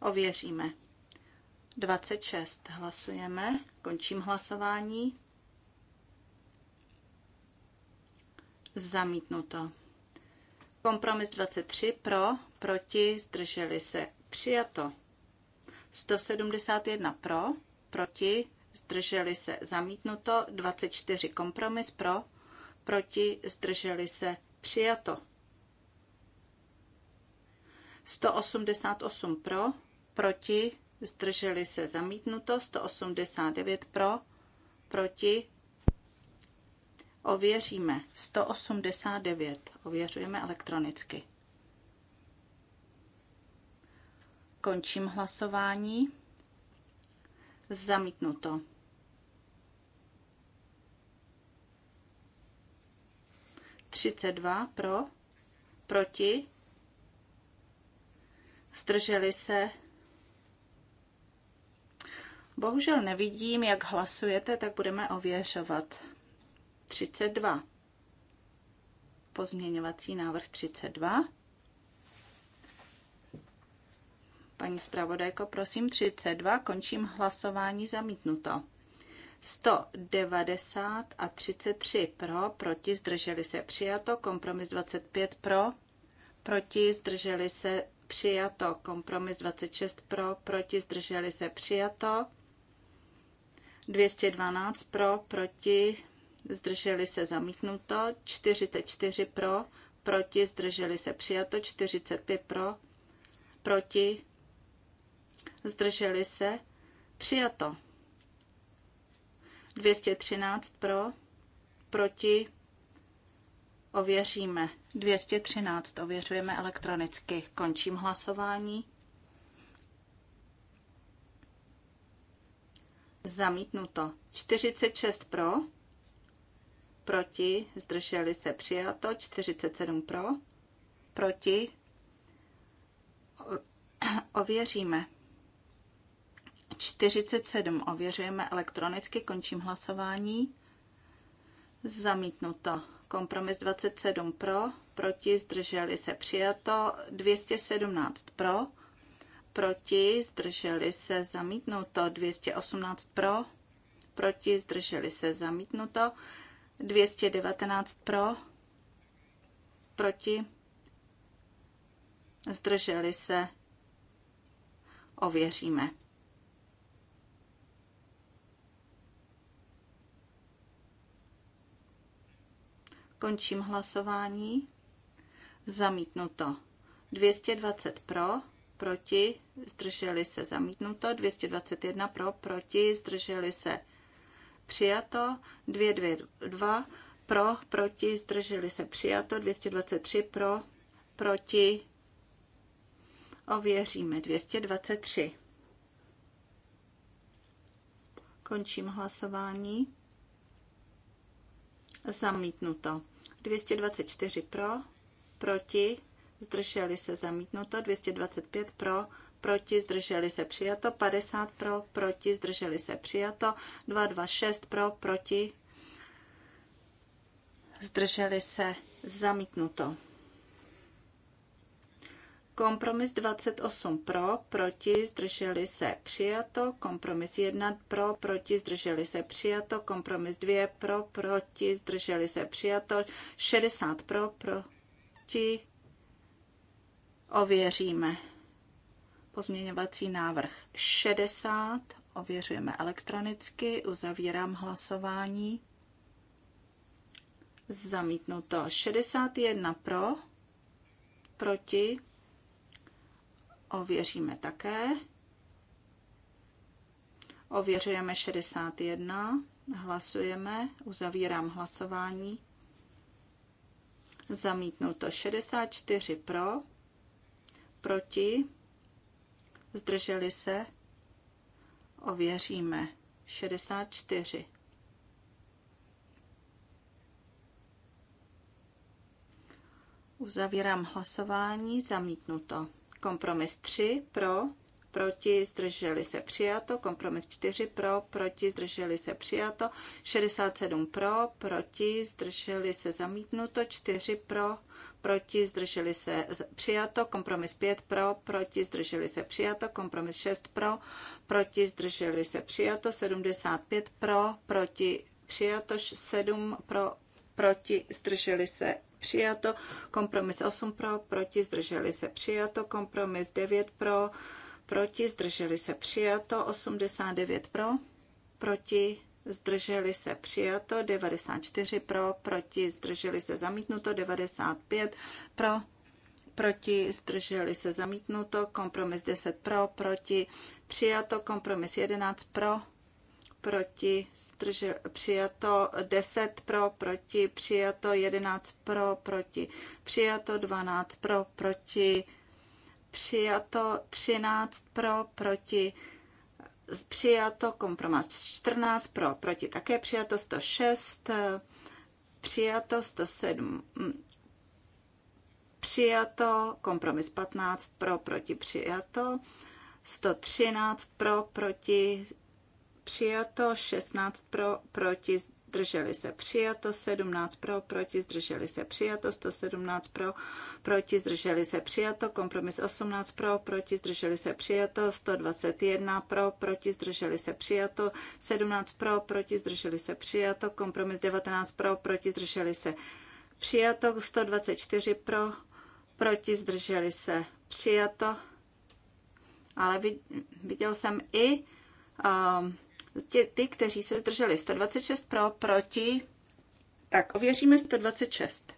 ověříme. 26 hlasujeme, končím hlasování. Zamítnuto. Kompromis 23 pro, proti, zdrželi se. Přijato. 171 pro, proti, zdrželi se. Zamítnuto. 24 kompromis pro, proti, zdrželi se, přijato. 188 pro, proti, zdrželi se, zamítnuto. 189 pro, proti, ověříme. 189 ověřujeme elektronicky. Končím hlasování. Zamítnuto. 32 pro, proti, zdrželi se. Bohužel nevidím, jak hlasujete, tak budeme ověřovat. 32. Pozměňovací návrh 32. Paní zpravodajko, prosím 32, končím hlasování zamítnuto. 190 a 33 pro, proti zdrželi se přijato, kompromis 25 pro, proti zdrželi se přijato, kompromis 26 pro, proti zdrželi se přijato, 212 pro, proti zdrželi se zamítnuto, 44 pro, proti zdrželi se přijato, 45 pro, proti zdrželi se přijato. 213 pro, proti, ověříme. 213 ověřujeme elektronicky. Končím hlasování. Zamítnuto. 46 pro, proti, zdrželi se přijato, 47 pro, proti, ověříme. 47 ověřujeme elektronicky, končím hlasování. Zamítnuto. Kompromis 27 pro, proti zdrželi se přijato, 217 pro, proti zdrželi se zamítnuto, 218 pro, proti zdrželi se zamítnuto, 219 pro, proti zdrželi se ověříme. Končím hlasování. Zamítnuto. 220 pro, proti, zdrželi se zamítnuto. 221 pro, proti, zdrželi se přijato. 222 pro, proti, zdrželi se přijato. 223 pro, proti, ověříme. 223. Končím hlasování. Zamítnuto. 224 pro, proti, zdrželi se zamítnuto, 225 pro, proti, zdrželi se přijato, 50 pro, proti, zdrželi se přijato, 226 pro, proti, zdrželi se zamítnuto. Kompromis 28 pro, proti, zdrželi se přijato. Kompromis 1 pro, proti, zdrželi se přijato. Kompromis 2 pro, proti, zdrželi se přijato. 60 pro, proti. Ověříme. Pozměňovací návrh 60. Ověřujeme elektronicky. Uzavírám hlasování. Zamítnuto 61 pro, proti ověříme také. Ověřujeme 61, hlasujeme, uzavírám hlasování. Zamítnuto 64 pro, proti, zdrželi se, ověříme 64. Uzavírám hlasování, zamítnuto. Kompromis 3 pro, proti, zdrželi se přijato, kompromis 4 pro, proti, zdrželi se přijato, 67 pro, proti, zdrželi se zamítnuto, 4 pro, proti, zdrželi se přijato, kompromis 5 pro, proti, zdrželi se přijato, kompromis 6 pro, proti, zdrželi se přijato, 75 pro, proti, přijato, 7 pro, proti, zdrželi se přijato, kompromis 8 pro, proti, zdrželi se přijato, kompromis 9 pro, proti, zdrželi se přijato, 89 pro, proti, zdrželi se přijato, 94 pro, proti, zdrželi se zamítnuto, 95 pro, proti, zdrželi se zamítnuto, kompromis 10 pro, proti, přijato, kompromis 11 pro, proti, zdržel, přijato 10 pro, proti, přijato 11 pro, proti, přijato 12 pro, proti, přijato 13 pro, proti, přijato kompromis 14 pro, proti, také přijato 106, přijato 107, přijato kompromis 15 pro, proti, přijato 113 pro, proti, přijato, 16 pro, proti, zdrželi se přijato, 17 pro, proti, zdrželi se přijato, 117 pro, proti, zdrželi se přijato, kompromis 18 pro, proti, zdrželi se přijato, 121 pro, proti, zdrželi se přijato, 17 pro, proti, zdrželi se přijato, kompromis 19 pro, proti, zdrželi se přijato, 124 pro, proti, zdrželi se přijato, ale viděl jsem i um, Tě, ty, kteří se zdrželi 126 pro, proti, tak ověříme 126.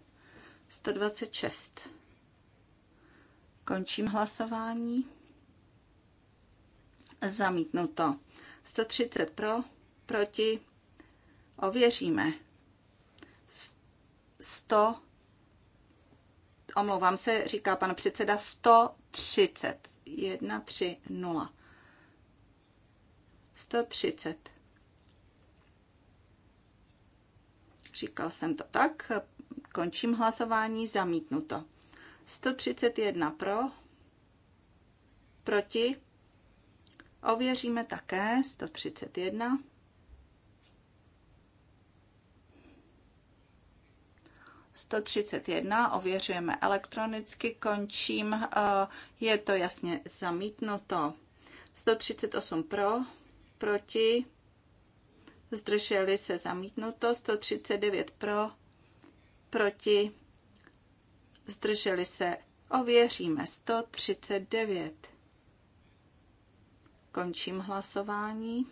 126. Končím hlasování. Zamítnuto. 130 pro, proti, ověříme. 100, omlouvám se, říká pan předseda, 130. 1, 3, 0. 130. Říkal jsem to tak. Končím hlasování. Zamítnuto. 131 pro. Proti. Ověříme také 131. Sto třicet jedna ověřujeme elektronicky, končím, eh, je to jasně zamítnuto. 138 pro, proti, zdrželi se zamítnuto, 139 pro, proti, zdrželi se, ověříme, 139. Končím hlasování.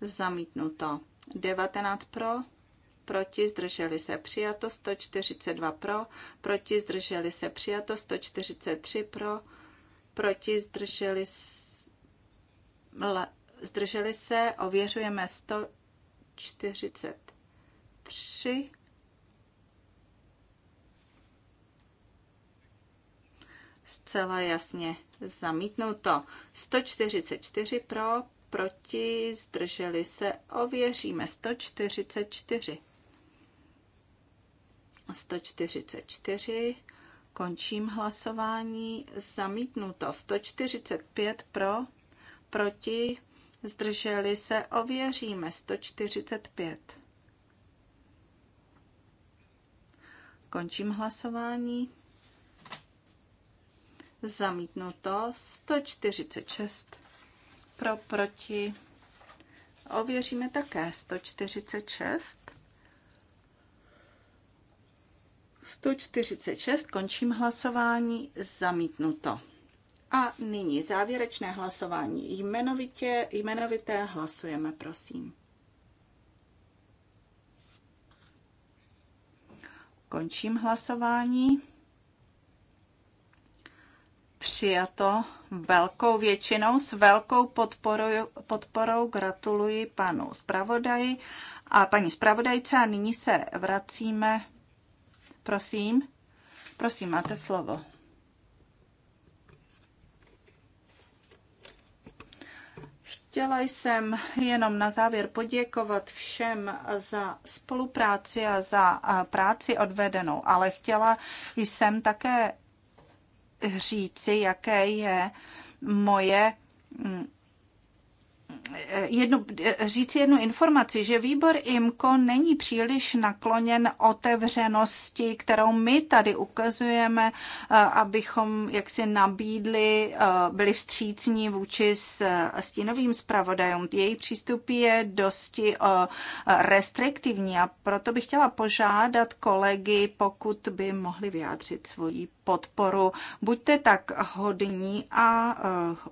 Zamítnuto. 19 pro, proti zdrželi se přijato, 142 pro, proti zdrželi se přijato, 143 pro, proti, zdrželi, zdrželi se, ověřujeme 143. Zcela jasně zamítnuto. 144 pro, proti, zdrželi se, ověříme 144. 144 Končím hlasování. Zamítnuto 145 pro, proti, zdrželi se, ověříme 145. Končím hlasování. Zamítnuto 146 pro, proti, ověříme také 146. 146, končím hlasování, zamítnuto. A nyní závěrečné hlasování. Jmenovitě, jmenovité hlasujeme, prosím. Končím hlasování. Přijato velkou většinou, s velkou podporou, podporou gratuluji panu zpravodaji a paní zpravodajce a nyní se vracíme Prosím, prosím, máte slovo. Chtěla jsem jenom na závěr poděkovat všem za spolupráci a za práci odvedenou, ale chtěla jsem také říci, jaké je moje mm, jednu, říci jednu informaci, že výbor IMCO není příliš nakloněn otevřenosti, kterou my tady ukazujeme, eh, abychom jaksi nabídli, eh, byli vstřícní vůči s eh, stínovým zpravodajům. Její přístup je dosti restriktivní a proto bych chtěla požádat kolegy, pokud by mohli vyjádřit svoji podporu. Buďte tak hodní a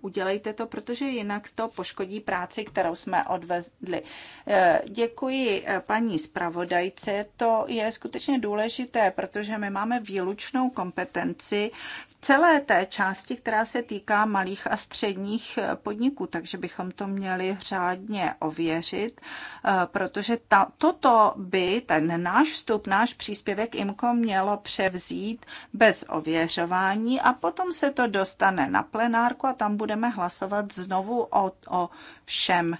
udělejte to, protože jinak to poškodí právě práci, kterou jsme odvezli. Eh, děkuji eh, paní zpravodajce. To je skutečně důležité, protože my máme výlučnou kompetenci v celé té části, která se týká malých a středních eh, podniků, takže bychom to měli řádně ověřit, protože ta, toto by ten náš vstup, náš příspěvek IMCO mělo převzít bez ověřování a potom se to dostane na plenárku a tam budeme hlasovat znovu o, o všem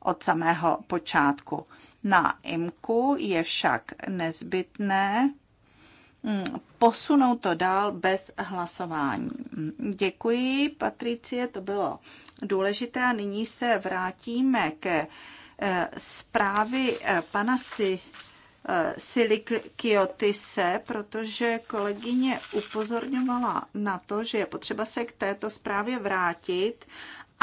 od samého počátku. Na IMKU je však nezbytné mm, posunout to dál bez hlasování. Děkuji, Patricie, to bylo důležité a nyní se vrátíme ke eh, zprávy eh, pana si eh, Silikiotise, protože kolegyně upozorňovala na to, že je potřeba se k této zprávě vrátit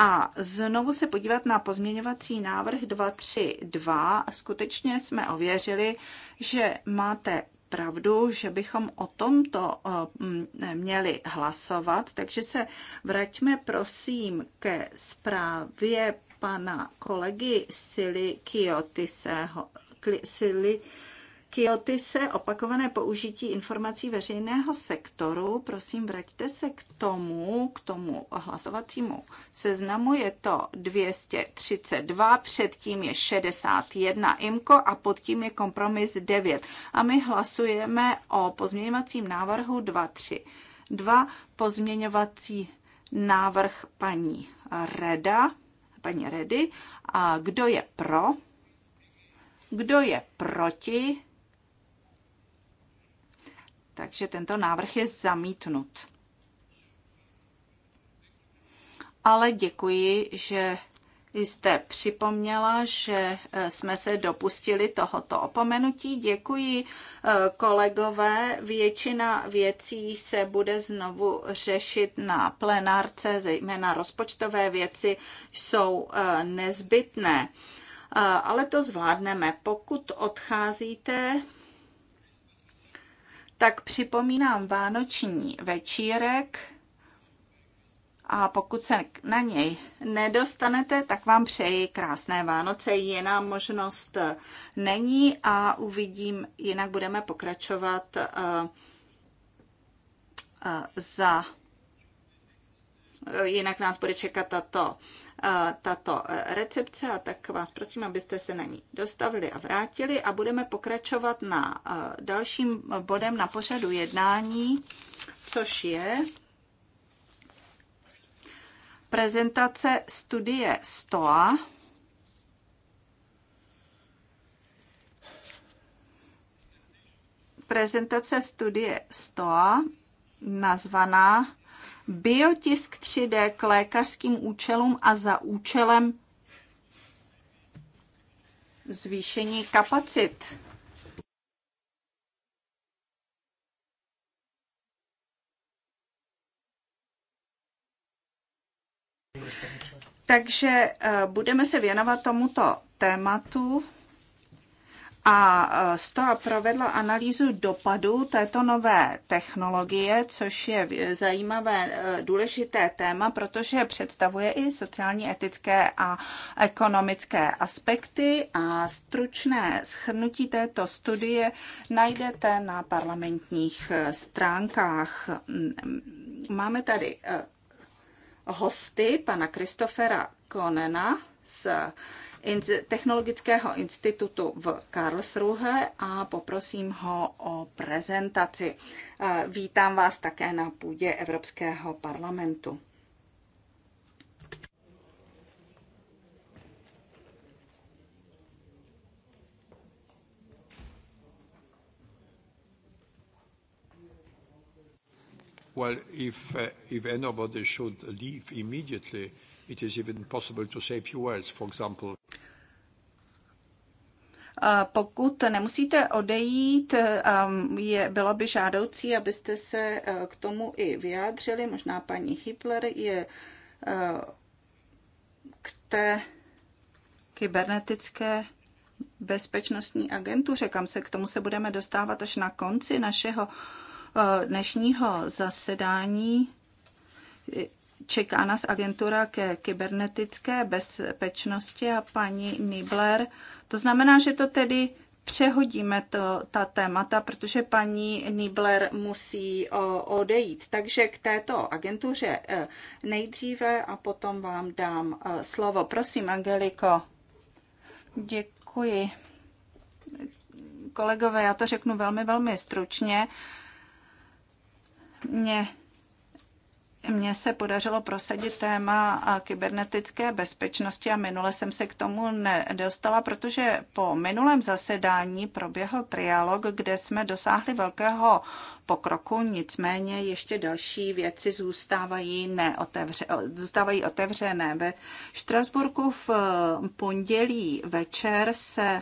a znovu se podívat na pozměňovací návrh 232. Skutečně jsme ověřili, že máte pravdu, že bychom o tomto eh, měli hlasovat, takže se vraťme prosím ke zprávě pana kolegy Sily Kiotiseho, Sily Kyoty se opakované použití informací veřejného sektoru. Prosím, vraťte se k tomu, k tomu hlasovacímu seznamu. Je to 232, předtím je 61 IMKO a pod tím je kompromis 9. A my hlasujeme o pozměňovacím návrhu 23. pozměňovací návrh paní Reda, paní Redy. A kdo je pro? Kdo je proti? Takže tento návrh je zamítnut. Ale děkuji, že jste připomněla, že eh, jsme se dopustili tohoto opomenutí. Děkuji eh, kolegové. Většina věcí se bude znovu řešit na plenárce, zejména rozpočtové věci jsou eh, nezbytné. Ale to zvládneme. Pokud odcházíte, tak připomínám vánoční večírek a pokud se na něj nedostanete, tak vám přeji krásné Vánoce. Jiná možnost eh, není a uvidím, jinak budeme pokračovat eh, eh, za. Jinak nás bude čekat tato tato e, recepce a tak vás prosím, abyste se na ní dostavili a vrátili a budeme pokračovat na e, dalším bodem na pořadu jednání, což je prezentace studie STOA. Prezentace studie STOA nazvaná biotisk 3D k lékařským účelům a za účelem zvýšení kapacit. Takže eh, budeme se věnovat tomuto tématu a e, z toho provedla analýzu dopadu této nové technologie, což je e, zajímavé, e, důležité téma, protože představuje i sociální, etické a ekonomické aspekty a stručné schrnutí této studie najdete na parlamentních stránkách. Mm, máme tady hosty pana Kristofera Konena z technologického institutu v Karlsruhe a poprosím ho o prezentaci. E, vítám vás také na půdě Evropského parlamentu. Well, if, uh, if anybody should leave immediately, it is even possible to say few words, for example. Pokud nemusíte odejít, um, je, bylo by žádoucí, abyste se uh, k tomu i vyjádřili. Možná paní Hitler je uh, k té kybernetické bezpečnostní agentuře, kam se k tomu se budeme dostávat až na konci našeho uh, dnešního zasedání čeká nás agentura ke kybernetické bezpečnosti a paní Nibler. To znamená, že to tedy přehodíme to, ta témata, protože paní Nibler musí odejít. Takže k této agentuře e, nejdříve a potom vám dám e, slovo. Prosím, Angeliko. Děkuji. Kolegové, já to řeknu velmi, velmi stručně. Mě mně se podařilo prosadit téma kybernetické bezpečnosti a minule jsem se k tomu nedostala, protože po minulém zasedání proběhl trialog, kde jsme dosáhli velkého pokroku, nicméně ještě další věci zůstávají, neotevře, zůstávají otevřené. Ve Štrasburku v pondělí večer se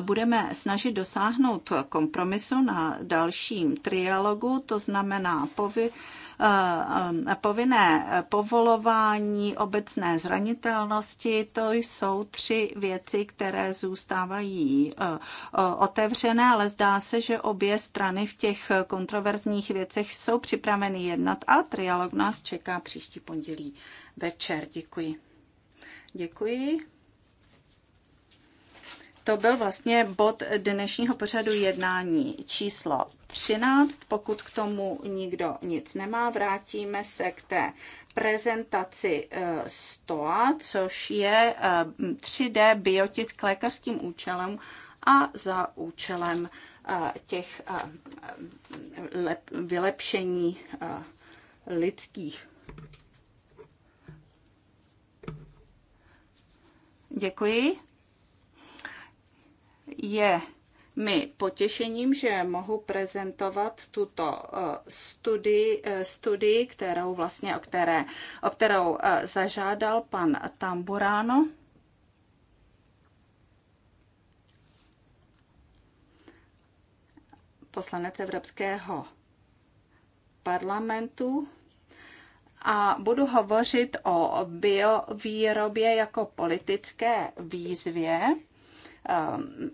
budeme snažit dosáhnout kompromisu na dalším trialogu, to znamená povy, Eh, povinné povolování obecné zranitelnosti, to jsou tři věci, které zůstávají eh, otevřené, ale zdá se, že obě strany v těch kontroverzních věcech jsou připraveny jednat a trialog nás čeká příští pondělí večer. Děkuji. Děkuji. To byl vlastně bod dnešního pořadu jednání číslo 13. Pokud k tomu nikdo nic nemá, vrátíme se k té prezentaci eh, STOA, což je 3D eh, biotisk k lékařským účelem a za účelem eh, těch vylepšení lidských. Děkuji je mi potěšením, že mohu prezentovat tuto eh, studii, eh, studii kterou vlastně, o, které, o kterou eh, zažádal pan Tamburano. poslanec Evropského parlamentu a budu hovořit o biovýrobě jako politické výzvě ehm,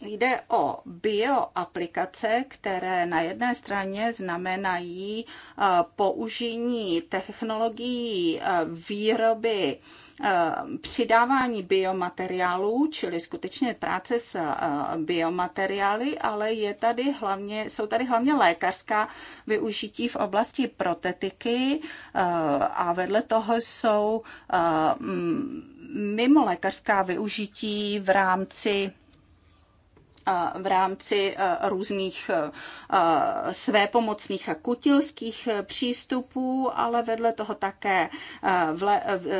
Jde o bioaplikace, které na jedné straně znamenají eh, použití technologií eh, výroby eh, přidávání biomateriálů, čili skutečně práce s biomateriály, ale je tady hlavně, jsou tady hlavně lékařská využití v oblasti protetiky a vedle toho jsou mimo lékařská využití v rámci v rámci e, různých e, e, svépomocných a kutilských přístupů, ale vedle toho také v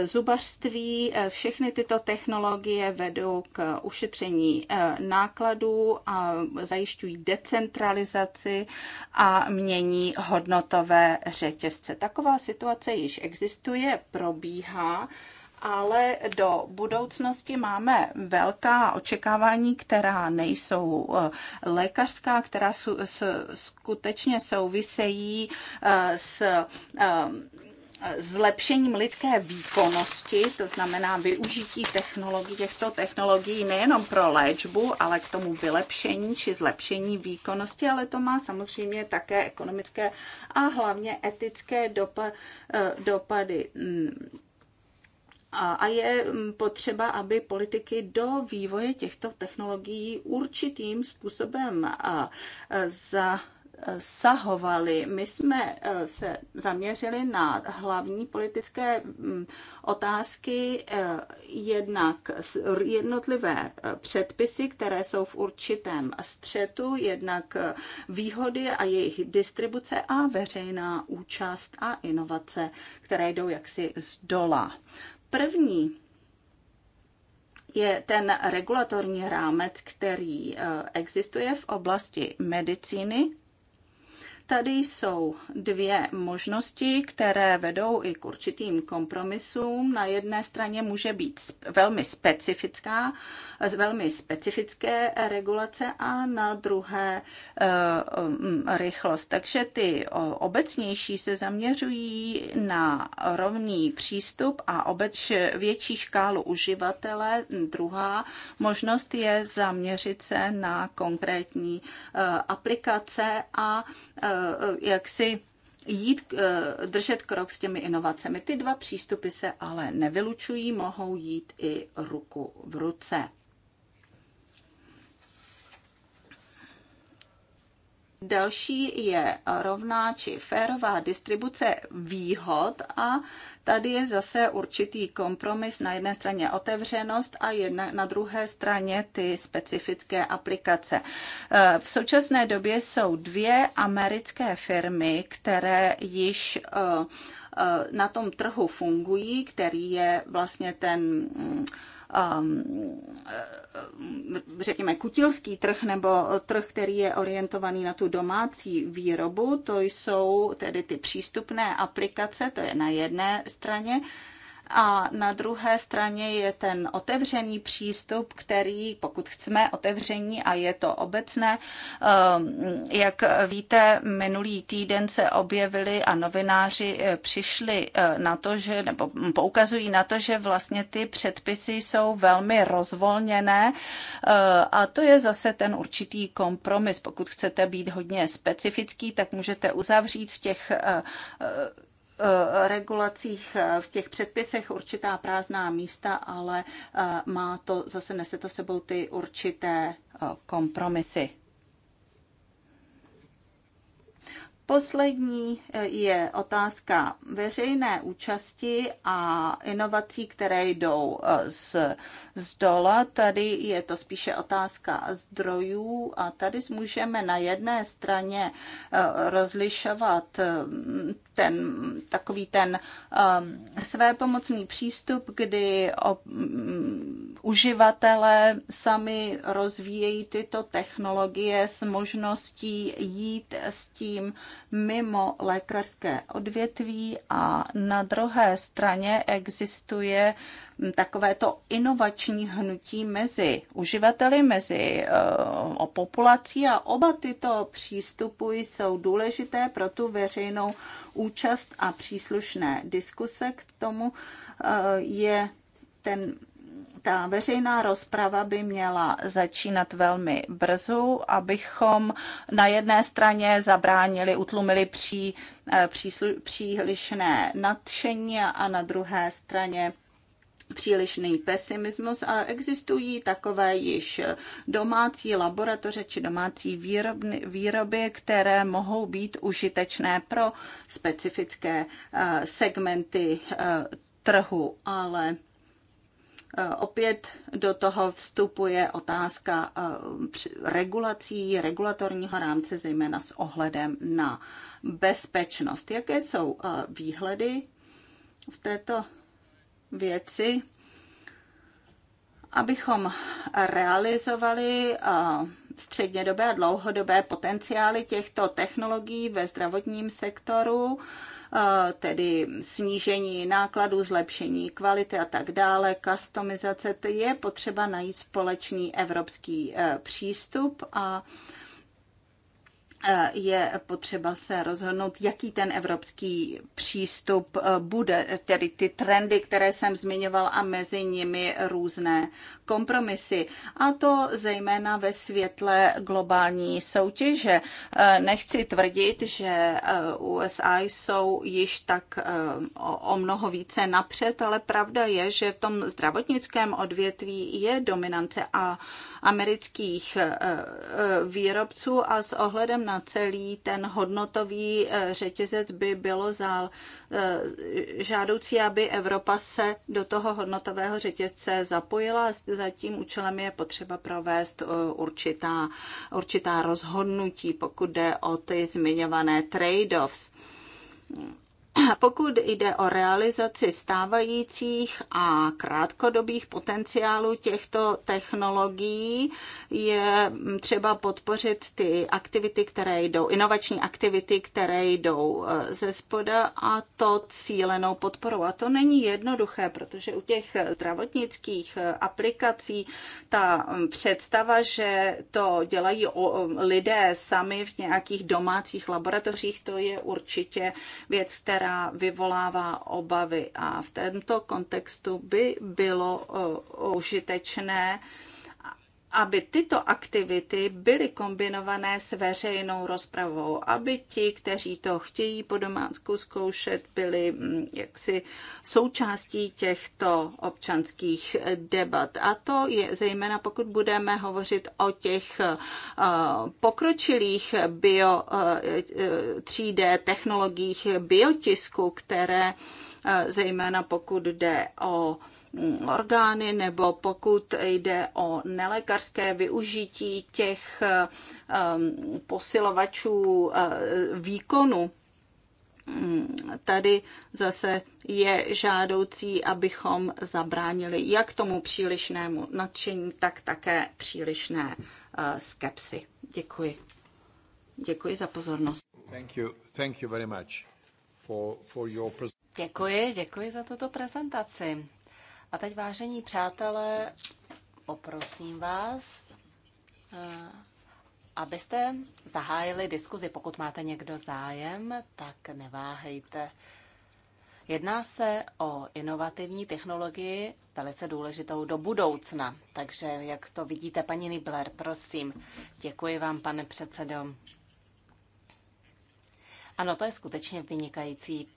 zubařství. Všechny tyto technologie vedou k ušetření nákladů a zajišťují decentralizaci a mění hodnotové řetězce. Taková situace již existuje, probíhá ale do budoucnosti máme velká očekávání, která nejsou eh, lékařská, která skutečně souvisejí eh, s eh, zlepšením lidské výkonnosti, to znamená využití technologií, těchto technologií nejenom pro léčbu, ale k tomu vylepšení či zlepšení výkonnosti, ale to má samozřejmě také ekonomické a hlavně etické dopa, dopady. Mm. A je mm, potřeba, aby politiky do vývoje těchto technologií určitým způsobem za sahovali. My jsme e, se zaměřili na hlavní politické mm, otázky, e, jednak jednotlivé e, předpisy, které jsou v určitém střetu, jednak výhody a jejich distribuce a veřejná účast a inovace, které jdou jaksi z dola. První je ten regulatorní rámec, který eh, existuje v oblasti medicíny Tady jsou dvě možnosti, které vedou i k určitým kompromisům. Na jedné straně může být velmi specifická, velmi specifické regulace a na druhé eh, mm, rychlost. Takže ty obecnější se zaměřují na rovný přístup a obec větší škálu uživatele. Druhá možnost je zaměřit se na konkrétní eh, aplikace a eh, Eh, jak si jít, eh, držet krok s těmi inovacemi. Ty dva přístupy se ale nevylučují, mohou jít i ruku v ruce. Další je rovná či férová distribuce výhod a tady je zase určitý kompromis, na jedné straně otevřenost a jedna, na druhé straně ty specifické aplikace. Eh, v současné době jsou dvě americké firmy, které již eh, eh, na tom trhu fungují, který je vlastně ten mm, Um, eh, řekněme, kutilský trh nebo trh, který je orientovaný na tu domácí výrobu. To jsou tedy ty přístupné aplikace, to je na jedné straně. A na druhé straně je ten otevřený přístup, který, pokud chceme otevření a je to obecné, eh, jak víte, minulý týden se objevili a novináři eh, přišli eh, na to, že, nebo poukazují na to, že vlastně ty předpisy jsou velmi rozvolněné a to je zase ten určitý kompromis. Pokud chcete být hodně specifický, tak můžete uzavřít v těch Eh, regulacích, eh, v těch předpisech určitá prázdná místa, ale eh, má to, zase nese to sebou ty určité kompromisy. Poslední eh, je otázka veřejné účasti a inovací, které jdou eh, z, z dola. Tady je to spíše otázka zdrojů a tady můžeme na jedné straně eh, rozlišovat ten takový ten svépomocný přístup, kdy uživatelé sami rozvíjejí tyto technologie s možností jít s tím mimo lékařské odvětví a na druhé straně existuje takovéto inovační hnutí mezi uživateli, mezi uh, populací a oba tyto přístupy jsou důležité pro tu veřejnou účast a příslušné diskuse k tomu uh, je ten ta veřejná rozprava by měla začínat velmi brzo, abychom na jedné straně zabránili, utlumili pří, eh, příslu, přílišné nadšení a na druhé straně přílišný pesimismus a existují takové již domácí laboratoře či domácí výrobny, výroby, které mohou být užitečné pro specifické eh, segmenty eh, trhu, ale Eh, opět do toho vstupuje otázka eh, regulací, regulatorního rámce, zejména s ohledem na bezpečnost. Jaké jsou eh, výhledy v této věci? Abychom realizovali střednědobé a dlouhodobé potenciály těchto technologií ve zdravotním sektoru, tedy snížení nákladů, zlepšení kvality a tak dále, customizace, je potřeba najít společný evropský eh, přístup a je potřeba se rozhodnout, jaký ten evropský přístup eh, bude, tedy ty trendy, které jsem zmiňoval a mezi nimi různé kompromisy. A to zejména ve světle globální soutěže. Eh, nechci tvrdit, že eh, USA jsou již tak o mnoho více napřed, ale pravda je, že v tom zdravotnickém odvětví je dominance a amerických eh, eh, výrobců a s ohledem na celý ten hodnotový eh, řetězec by bylo zál žádoucí, aby Evropa se do toho hodnotového řetězce zapojila. Za tím účelem je potřeba provést určitá, určitá rozhodnutí, pokud jde o ty zmiňované trade-offs Pokud jde o realizaci stávajících a krátkodobých potenciálů těchto technologií, je mm, třeba podpořit ty aktivity, které jdou, inovační aktivity, které jdou e, ze spoda a to cílenou podporou. A to není jednoduché, protože u těch zdravotnických e, aplikací ta mm, představa, že to dělají lidé sami v nějakých domácích laboratořích, to je určitě věc, která která vyvolává obavy. A v tomto kontextu by bylo eh, užitečné aby tyto aktivity byly kombinované s veřejnou rozpravou, aby ti, kteří to chtějí po domácku zkoušet, byli mm, jaksi součástí těchto občanských debat. A to je zejména, pokud budeme hovořit o těch eh, pokročilých bio 3D eh, eh, technologiích biotisku, které zejména pokud jde o orgány, nebo pokud jde o nelékařské využití těch um, posilovačů uh, výkonu, mm, tady zase je žádoucí, abychom zabránili jak tomu přílišnému nadšení, tak také přílišné uh, skepsy. Děkuji. Děkuji za pozornost. Thank you. Thank you very much for, for your... Děkuji, děkuji za tuto prezentaci. A teď, vážení přátelé, poprosím vás, eh, abyste zahájili diskuzi. Pokud máte někdo zájem, tak neváhejte. Jedná se o inovativní technologii, velice důležitou do budoucna. Takže, jak to vidíte, paní Nibler, prosím. Děkuji vám, pane předsedo. Ano, to je skutečně vynikající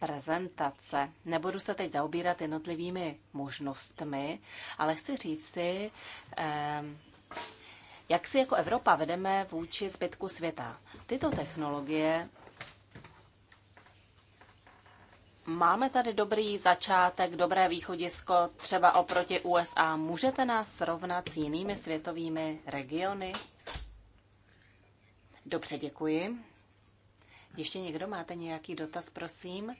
prezentace. Nebudu se teď zaobírat jednotlivými možnostmi, ale chci říct si, ehm, jak si jako Evropa vedeme vůči zbytku světa. Tyto technologie Máme tady dobrý začátek, dobré východisko, třeba oproti USA. Můžete nás srovnat s jinými světovými regiony? Dobře, děkuji. Ještě někdo máte nějaký dotaz, prosím?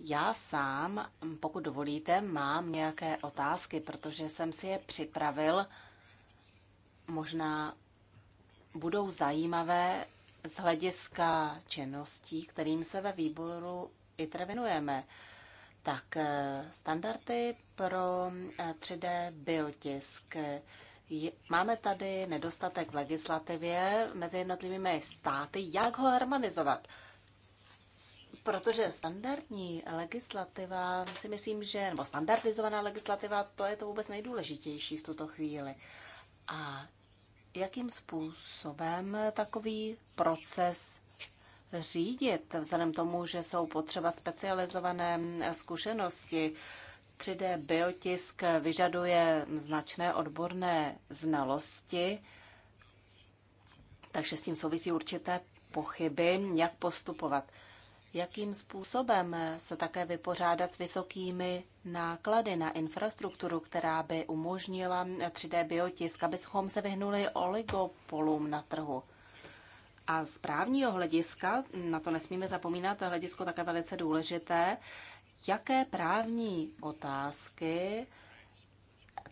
Já sám, pokud dovolíte, mám nějaké otázky, protože jsem si je připravil. Možná budou zajímavé z hlediska činností, kterým se ve výboru i trvinujeme. Tak eh, standardy pro 3D eh, biotisk. Máme tady nedostatek v legislativě mezi jednotlivými státy, jak ho harmonizovat. Protože standardní legislativa, si myslím, že, nebo standardizovaná legislativa, to je to vůbec nejdůležitější v tuto chvíli. A jakým způsobem takový proces řídit, vzhledem tomu, že jsou potřeba specializované zkušenosti. 3D biotisk vyžaduje značné odborné znalosti, takže s tím souvisí určité pochyby, jak postupovat jakým způsobem se také vypořádat s vysokými náklady na infrastrukturu, která by umožnila 3D biotisk, abychom se vyhnuli oligopolům na trhu. A z právního hlediska, na to nesmíme zapomínat, to hledisko také velice důležité, jaké právní otázky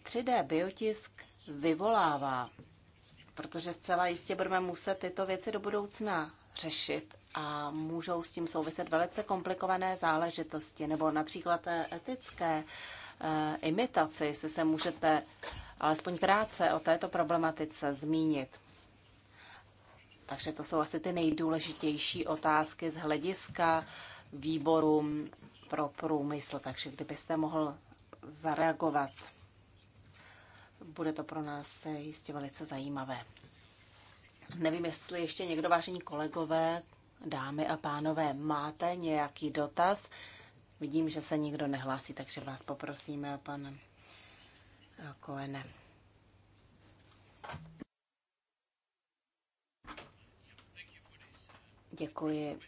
3D biotisk vyvolává. Protože zcela jistě budeme muset tyto věci do budoucna řešit a můžou s tím souviset velice komplikované záležitosti, nebo například eh, etické eh, imitaci, jestli se můžete alespoň krátce o této problematice zmínit. Takže to jsou asi ty nejdůležitější otázky z hlediska výboru pro průmysl. Takže kdybyste mohl zareagovat, bude to pro nás jistě velice zajímavé. Nevím, jestli ještě někdo, vážení kolegové, Dámy a pánové, máte nějaký dotaz? Vidím, že se nikdo nehlásí, takže vás poprosíme, pane eh, Koene. Děkuji.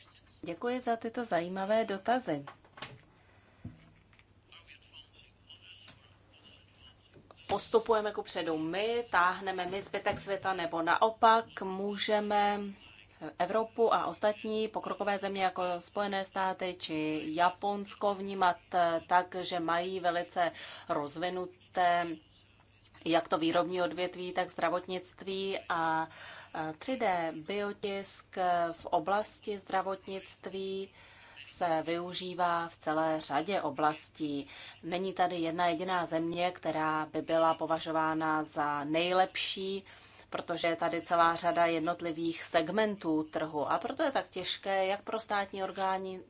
Děkuji za tyto zajímavé dotazy. Postupujeme ku předu my, táhneme my zbytek světa, nebo naopak můžeme Evropu a ostatní pokrokové země jako Spojené státy či Japonsko vnímat eh, tak, že mají velice rozvinuté jak to výrobní odvětví, tak zdravotnictví a 3D eh, biotisk v oblasti zdravotnictví se využívá v celé řadě oblastí. Není tady jedna jediná země, která by byla považována za nejlepší protože je tady celá řada jednotlivých segmentů trhu a proto je tak těžké jak pro státní orgány,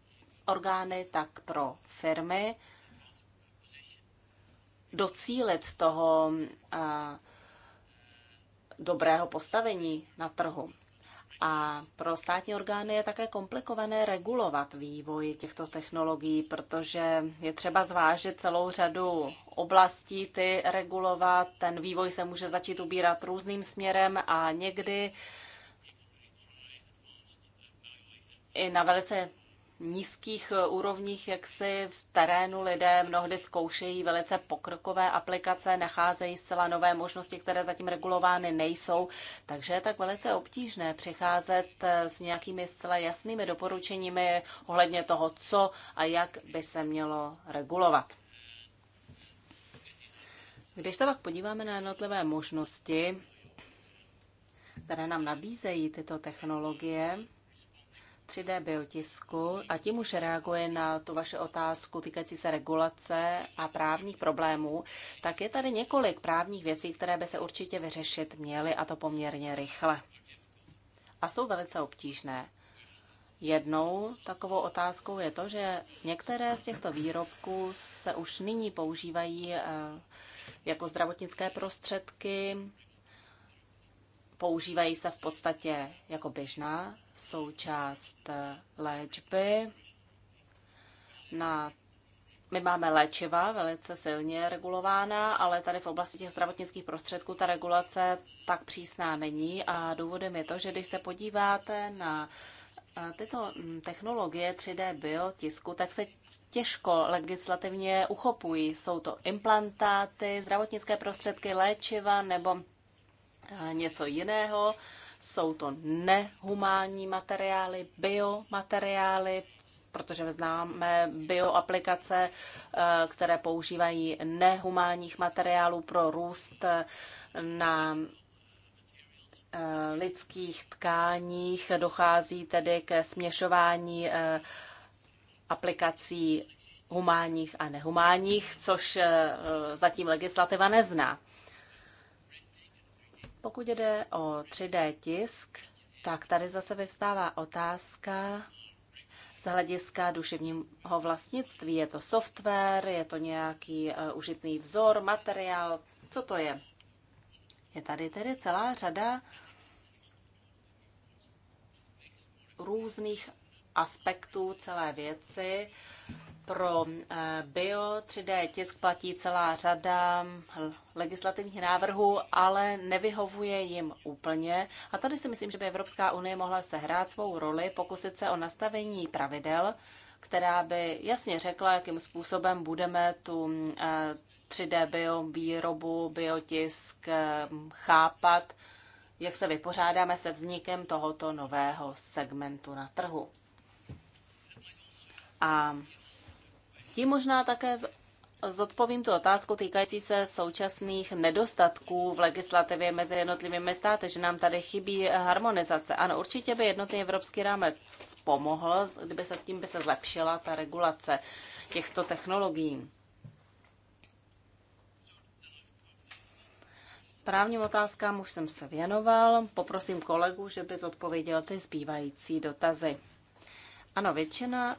orgány tak pro firmy docílit toho eh, dobrého postavení na trhu. A pro státní orgány je také komplikované regulovat vývoj těchto technologií, protože je třeba zvážit celou řadu oblastí, ty regulovat. Ten vývoj se může začít ubírat různým směrem a někdy i na velice nízkých eh, úrovních, jak si v terénu lidé mnohdy zkoušejí velice pokrokové aplikace, nacházejí zcela nové možnosti, které zatím regulovány nejsou, takže je tak velice obtížné přicházet eh, s nějakými zcela jasnými doporučeními ohledně toho, co a jak by se mělo regulovat. Když se pak podíváme na jednotlivé možnosti, které nám nabízejí tyto technologie, 3D biotisku a tím už reaguje na tu vaši otázku týkající se regulace a právních problémů, tak je tady několik právních věcí, které by se určitě vyřešit měly a to poměrně rychle. A jsou velice obtížné. Jednou takovou otázkou je to, že některé z těchto výrobků se už nyní používají eh, jako zdravotnické prostředky, používají se v podstatě jako běžná součást eh, léčby. Na my máme léčiva velice silně regulována, ale tady v oblasti těch zdravotnických prostředků ta regulace tak přísná není a důvodem je to, že když se podíváte na eh, tyto mm, technologie 3D biotisku, tak se těžko legislativně uchopují. Jsou to implantáty, zdravotnické prostředky, léčiva nebo eh, něco jiného jsou to nehumánní materiály, biomateriály, protože známe bioaplikace, eh, které používají nehumánních materiálů pro růst eh, na eh, lidských tkáních. Dochází tedy ke směšování aplikací humánních a nehumánních, což zatím legislativa nezná. Pokud jde o 3D tisk, tak tady zase vyvstává otázka z hlediska duševního vlastnictví. Je to software, je to nějaký eh, užitný vzor, materiál, co to je? Je tady tedy celá řada různých aspektů celé věci, pro eh, bio 3D tisk platí celá řada legislativních návrhů, ale nevyhovuje jim úplně. A tady si myslím, že by Evropská unie mohla sehrát svou roli, pokusit se o nastavení pravidel, která by jasně řekla, jakým způsobem budeme tu 3D eh, bio výrobu, biotisk eh, chápat, jak se vypořádáme se vznikem tohoto nového segmentu na trhu. A tím možná také zodpovím tu otázku týkající se současných nedostatků v legislativě mezi jednotlivými státy, že nám tady chybí harmonizace. Ano, určitě by jednotný evropský rámec pomohl, kdyby se tím by se zlepšila ta regulace těchto technologií. Právním otázkám už jsem se věnoval. Poprosím kolegu, že by zodpověděl ty zbývající dotazy. Ano, většina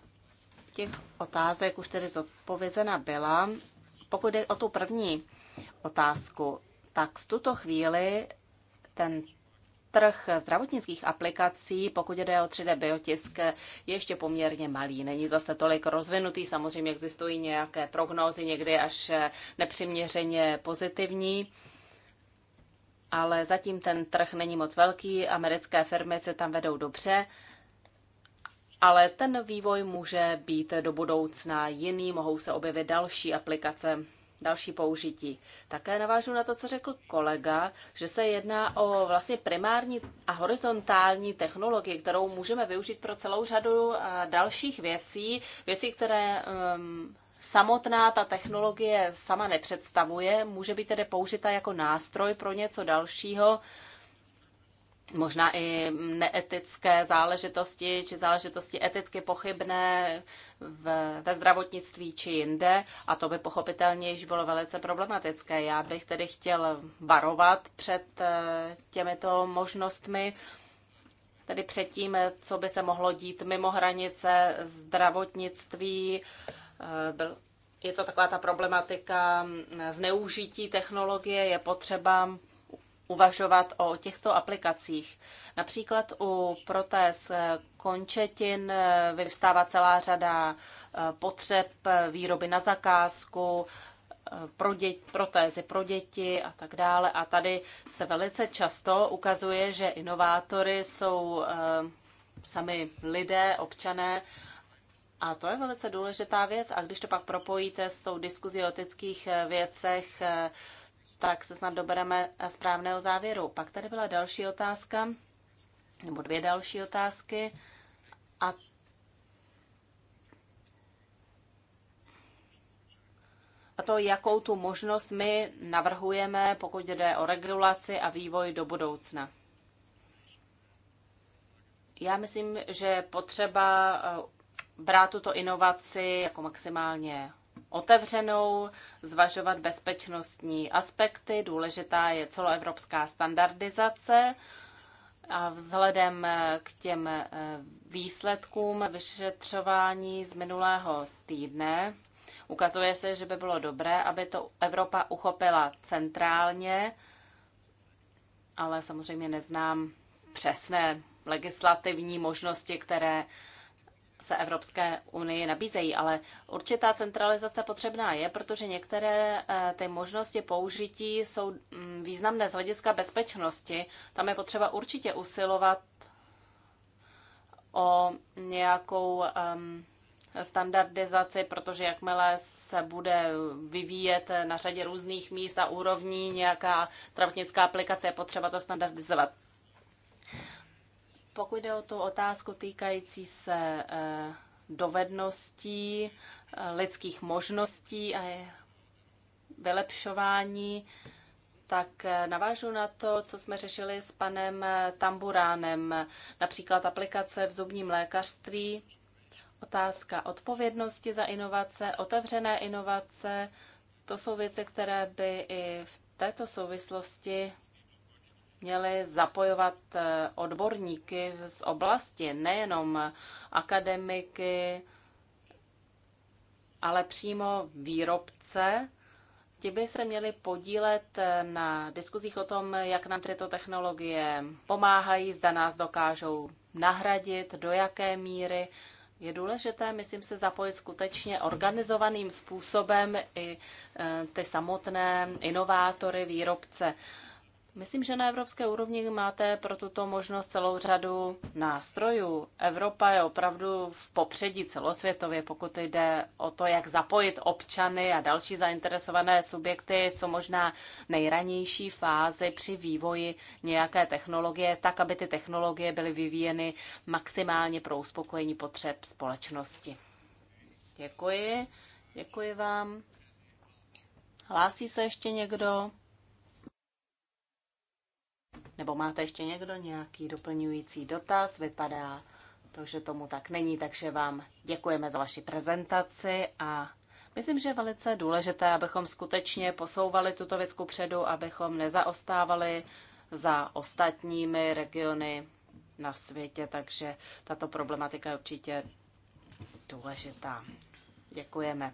těch otázek už tedy zodpovězena byla. Pokud jde o tu první otázku, tak v tuto chvíli ten trh zdravotnických aplikací, pokud jde o 3D biotisk, je ještě poměrně malý. Není zase tolik rozvinutý. Samozřejmě existují nějaké prognózy, někdy až nepřiměřeně pozitivní ale zatím ten trh není moc velký, americké firmy se tam vedou dobře ale ten vývoj může být do budoucna jiný, mohou se objevit další aplikace, další použití. Také navážu na to, co řekl kolega, že se jedná o vlastně primární a horizontální technologii, kterou můžeme využít pro celou řadu dalších věcí, věcí, které um, samotná ta technologie sama nepředstavuje, může být tedy použita jako nástroj pro něco dalšího, možná i neetické záležitosti či záležitosti eticky pochybné v, ve zdravotnictví či jinde a to by pochopitelně již bylo velice problematické. Já bych tedy chtěl varovat před eh, těmito možnostmi, tedy před tím, co by se mohlo dít mimo hranice zdravotnictví. Eh, je to taková ta problematika mm, zneužití technologie, je potřeba uvažovat o těchto aplikacích. Například u protéz končetin vyvstává celá řada eh, potřeb výroby na zakázku, eh, pro děti, protézy pro děti a tak dále. A tady se velice často ukazuje, že inovátory jsou eh, sami lidé, občané, a to je velice důležitá věc. A když to pak propojíte s tou diskuzí o etických věcech, tak se snad dobereme správného závěru. Pak tady byla další otázka, nebo dvě další otázky. A a to, jakou tu možnost my navrhujeme, pokud jde o regulaci a vývoj do budoucna. Já myslím, že potřeba eh, brát tuto inovaci jako maximálně otevřenou, zvažovat bezpečnostní aspekty. Důležitá je celoevropská standardizace. A vzhledem k těm eh, výsledkům vyšetřování z minulého týdne, ukazuje se, že by bylo dobré, aby to Evropa uchopila centrálně, ale samozřejmě neznám přesné legislativní možnosti, které se Evropské unii nabízejí, ale určitá centralizace potřebná je, protože některé eh, ty možnosti použití jsou mm, významné z hlediska bezpečnosti. Tam je potřeba určitě usilovat o nějakou um, standardizaci, protože jakmile se bude vyvíjet na řadě různých míst a úrovní nějaká travnická aplikace, je potřeba to standardizovat. Pokud jde o tu otázku týkající se eh, dovedností, eh, lidských možností a vylepšování, tak eh, navážu na to, co jsme řešili s panem Tamburánem, například aplikace v zubním lékařství, otázka odpovědnosti za inovace, otevřené inovace, to jsou věci, které by i v této souvislosti měli zapojovat eh, odborníky z oblasti, nejenom akademiky, ale přímo výrobce. Ti by se měli podílet eh, na diskuzích o tom, jak nám tyto technologie pomáhají, zda nás dokážou nahradit, do jaké míry. Je důležité, myslím se, zapojit skutečně organizovaným způsobem i eh, ty samotné inovátory, výrobce. Myslím, že na evropské úrovni máte pro tuto možnost celou řadu nástrojů. Evropa je opravdu v popředí celosvětově, pokud jde o to, jak zapojit občany a další zainteresované subjekty, co možná nejranější fázi při vývoji nějaké technologie, tak, aby ty technologie byly vyvíjeny maximálně pro uspokojení potřeb společnosti. Děkuji, děkuji vám. Hlásí se ještě někdo? Nebo máte ještě někdo nějaký doplňující dotaz? Vypadá to, že tomu tak není, takže vám děkujeme za vaši prezentaci a myslím, že je velice důležité, abychom skutečně posouvali tuto věc předu, abychom nezaostávali za ostatními regiony na světě, takže tato problematika je určitě důležitá. Děkujeme.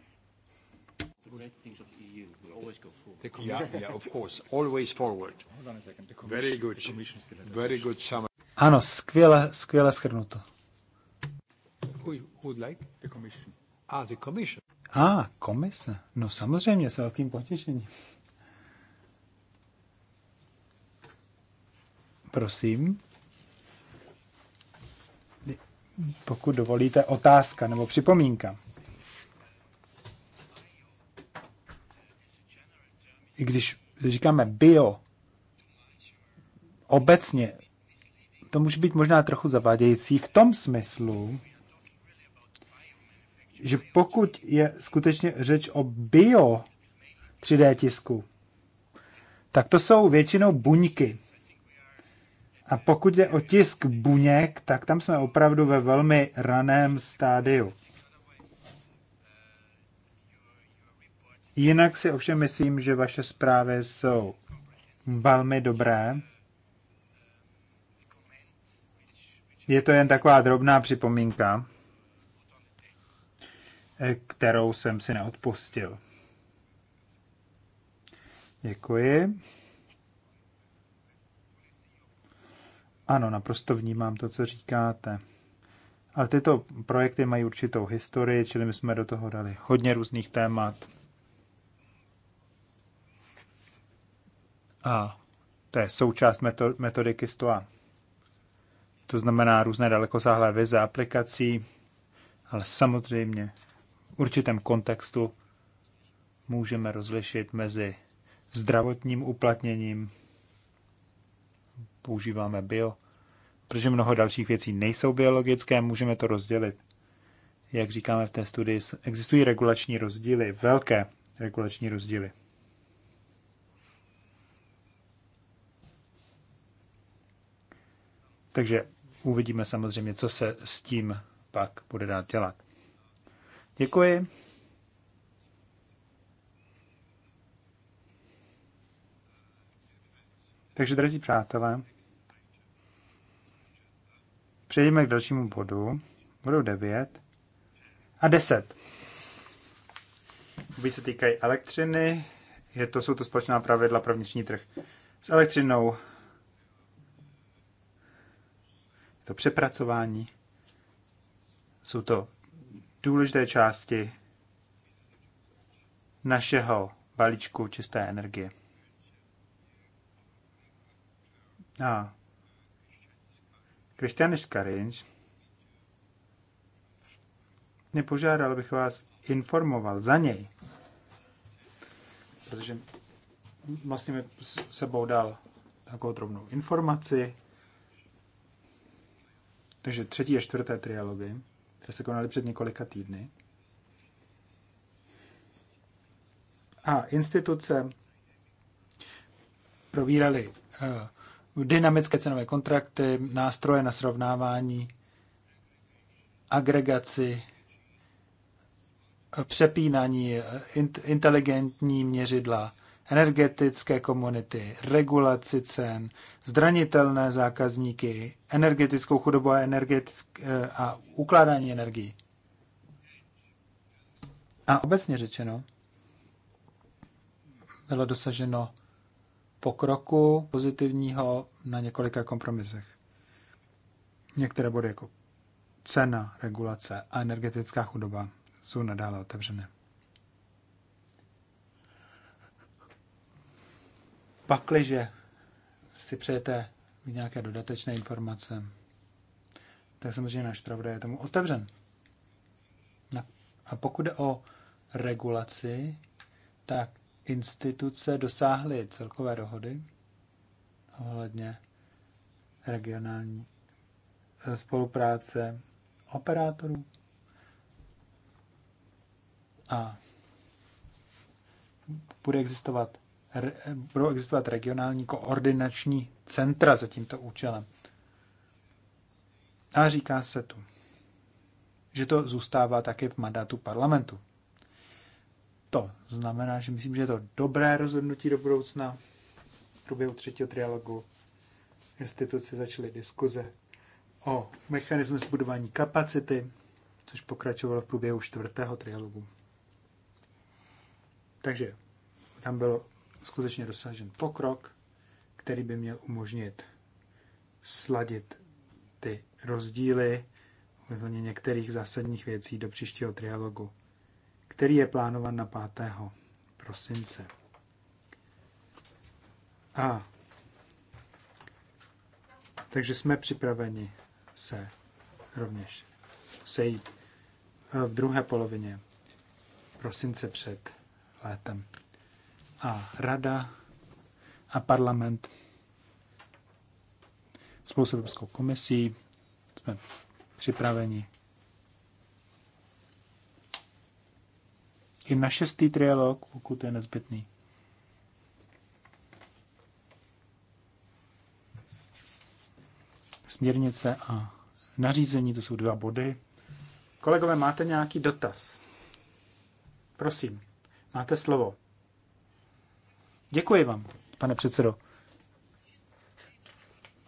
Yeah, yeah, of course. Always forward. Hold on a second. The Very good. The commission still Very good summer. Ano, skvěle, skvěle schrnuto. Who would like? The commission. Ah, the commission. A, ah, komise. No samozřejmě, s velkým potěšením. Prosím. Pokud dovolíte, otázka nebo připomínka. i když říkáme bio, obecně, to může být možná trochu zavádějící v tom smyslu, že pokud je skutečně řeč o bio 3D tisku, tak to jsou většinou buňky. A pokud jde o tisk buněk, tak tam jsme opravdu ve velmi raném stádiu. Jinak si ovšem myslím, že vaše zprávy jsou velmi dobré. Je to jen taková drobná připomínka, eh, kterou jsem si neodpustil. Děkuji. Ano, naprosto vnímám to, co říkáte. Ale tyto projekty mají určitou historii, čili my jsme do toho dali hodně různých témat. A to je součást metodiky STOA. To znamená různé dalekosáhlé vize aplikací, ale samozřejmě v určitém kontextu můžeme rozlišit mezi zdravotním uplatněním, používáme bio, protože mnoho dalších věcí nejsou biologické, můžeme to rozdělit. Jak říkáme v té studii, existují regulační rozdíly, velké regulační rozdíly. Takže uvidíme samozřejmě, co se s tím pak bude dát dělat. Děkuji. Takže, drazí přátelé, přejdeme k dalšímu bodu, bodu 9 a 10. Oby se týkají elektřiny, je to, jsou to společná pravidla pro vnitřní trh s elektřinou to přepracování. Jsou to důležité části našeho balíčku čisté energie. A Kristianis Karinč mě požádal, abych vás informoval za něj, protože vlastně mi sebou dal takovou drobnou informaci, takže třetí a čtvrté trialogy, které se konaly před několika týdny. A instituce províraly eh, dynamické cenové kontrakty, nástroje na srovnávání, agregaci, eh, přepínání, eh, inteligentní měřidla, energetické komunity, regulaci cen, zranitelné zákazníky, energetickou chudobu a, energetick- eh, a ukládání energií. A obecně řečeno, bylo dosaženo pokroku pozitivního na několika kompromisech. Některé body jako cena, regulace a energetická chudoba jsou nadále otevřené. Pakliže si přejete nějaké dodatečné informace, tak samozřejmě náš pravda je tomu otevřen. A pokud jde o regulaci, tak instituce dosáhly celkové dohody ohledně regionální eh, spolupráce operátorů a bude existovat budou existovat regionální koordinační centra za tímto účelem. A říká se tu, že to zůstává také v mandátu parlamentu. To znamená, že myslím, že je to dobré rozhodnutí do budoucna. V průběhu třetího trialogu instituce začaly diskuze o mechanismu zbudování kapacity, což pokračovalo v průběhu čtvrtého trialogu. Takže tam bylo skutečně dosažen pokrok, který by měl umožnit sladit ty rozdíly ohledně některých zásadních věcí do příštího trialogu, který je plánovan na 5. prosince. A takže jsme připraveni se rovněž sejít v druhé polovině prosince před létem a rada a parlament spolu s Evropskou komisí jsme připraveni i na šestý trialog, pokud je nezbytný. Směrnice a nařízení, to jsou dva body. Kolegové, máte nějaký dotaz? Prosím, máte slovo. Děkuji vám, pane předsedo.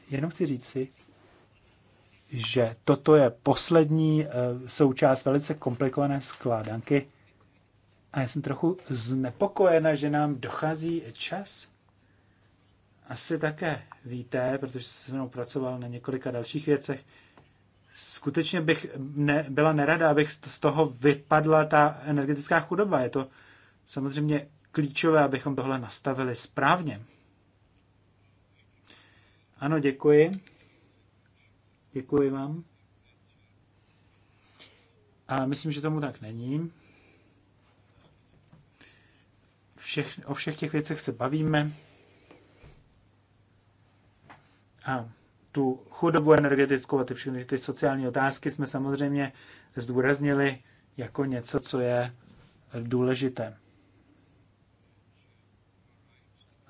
Jenom chci říct si, že toto je poslední eh, součást velice komplikované skládanky a já jsem trochu znepokojena, že nám dochází čas. Asi také víte, protože jsem se mnou pracoval na několika dalších věcech, skutečně bych ne, byla nerada, abych z toho vypadla ta energetická chudoba. Je to samozřejmě klíčové, abychom tohle nastavili správně. Ano, děkuji. Děkuji vám. A myslím, že tomu tak není. Všech, o všech těch věcech se bavíme. A tu chudobu energetickou a ty všechny ty sociální otázky jsme samozřejmě zdůraznili jako něco, co je důležité.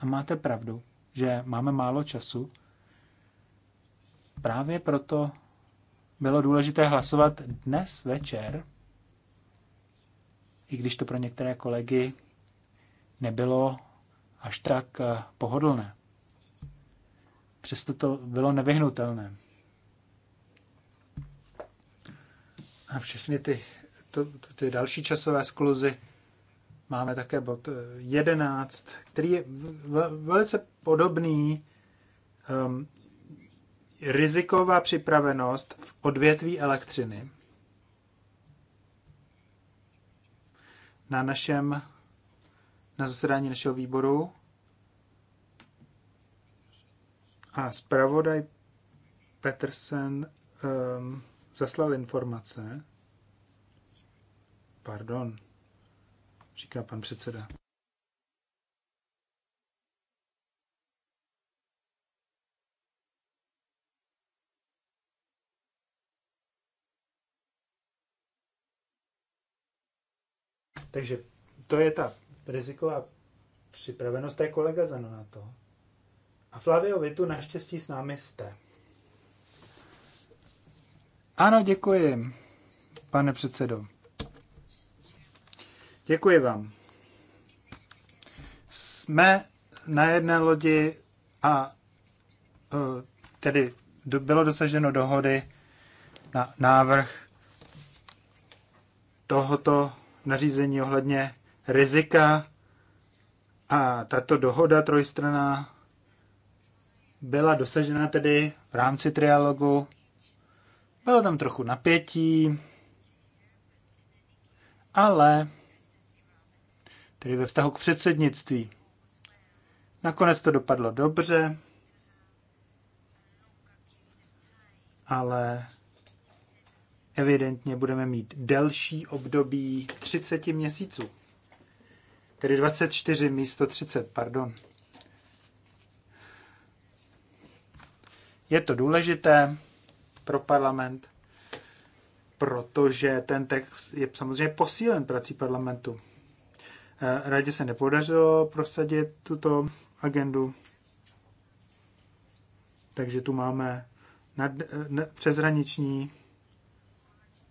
A máte pravdu, že máme málo času. Právě proto bylo důležité hlasovat dnes večer, i když to pro některé kolegy nebylo až tak eh, pohodlné. Přesto to bylo nevyhnutelné. A všechny ty, to, ty další časové skluzy máme také bod 11, eh, který je velice podobný um, riziková připravenost v odvětví elektřiny. Na našem na zasedání našeho výboru a zpravodaj Petersen um, zaslal informace. Pardon, říká pan předseda. Takže to je ta riziková připravenost, to je kolega Zano na to. A Flavio, vy tu naštěstí s námi jste. Ano, děkuji, pane předsedo. Děkuji vám. Jsme na jedné lodi a e, tedy bylo dosaženo dohody na návrh tohoto nařízení ohledně rizika a tato dohoda trojstraná byla dosažena tedy v rámci trialogu. Bylo tam trochu napětí, ale tedy ve vztahu k předsednictví. Nakonec to dopadlo dobře, ale evidentně budeme mít delší období 30 měsíců. Tedy 24 místo 30, pardon. Je to důležité pro parlament, protože ten text je samozřejmě posílen prací parlamentu. Eh, Radě se nepodařilo prosadit tuto agendu, takže tu máme nad, eh, ne, přeshraniční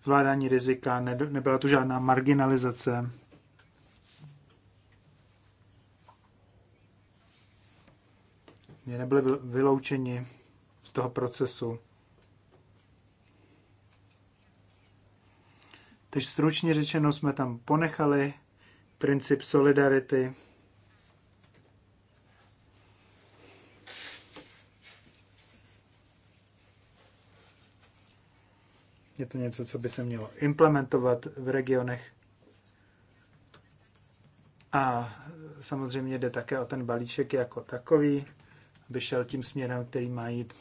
zvládání rizika, ne, nebyla tu žádná marginalizace. nebyli vyloučeni z toho procesu. Takže stručně řečeno jsme tam ponechali princip solidarity. Je to něco, co by se mělo implementovat v regionech. A samozřejmě jde také o ten balíček jako takový, aby šel tím směrem, který má jít.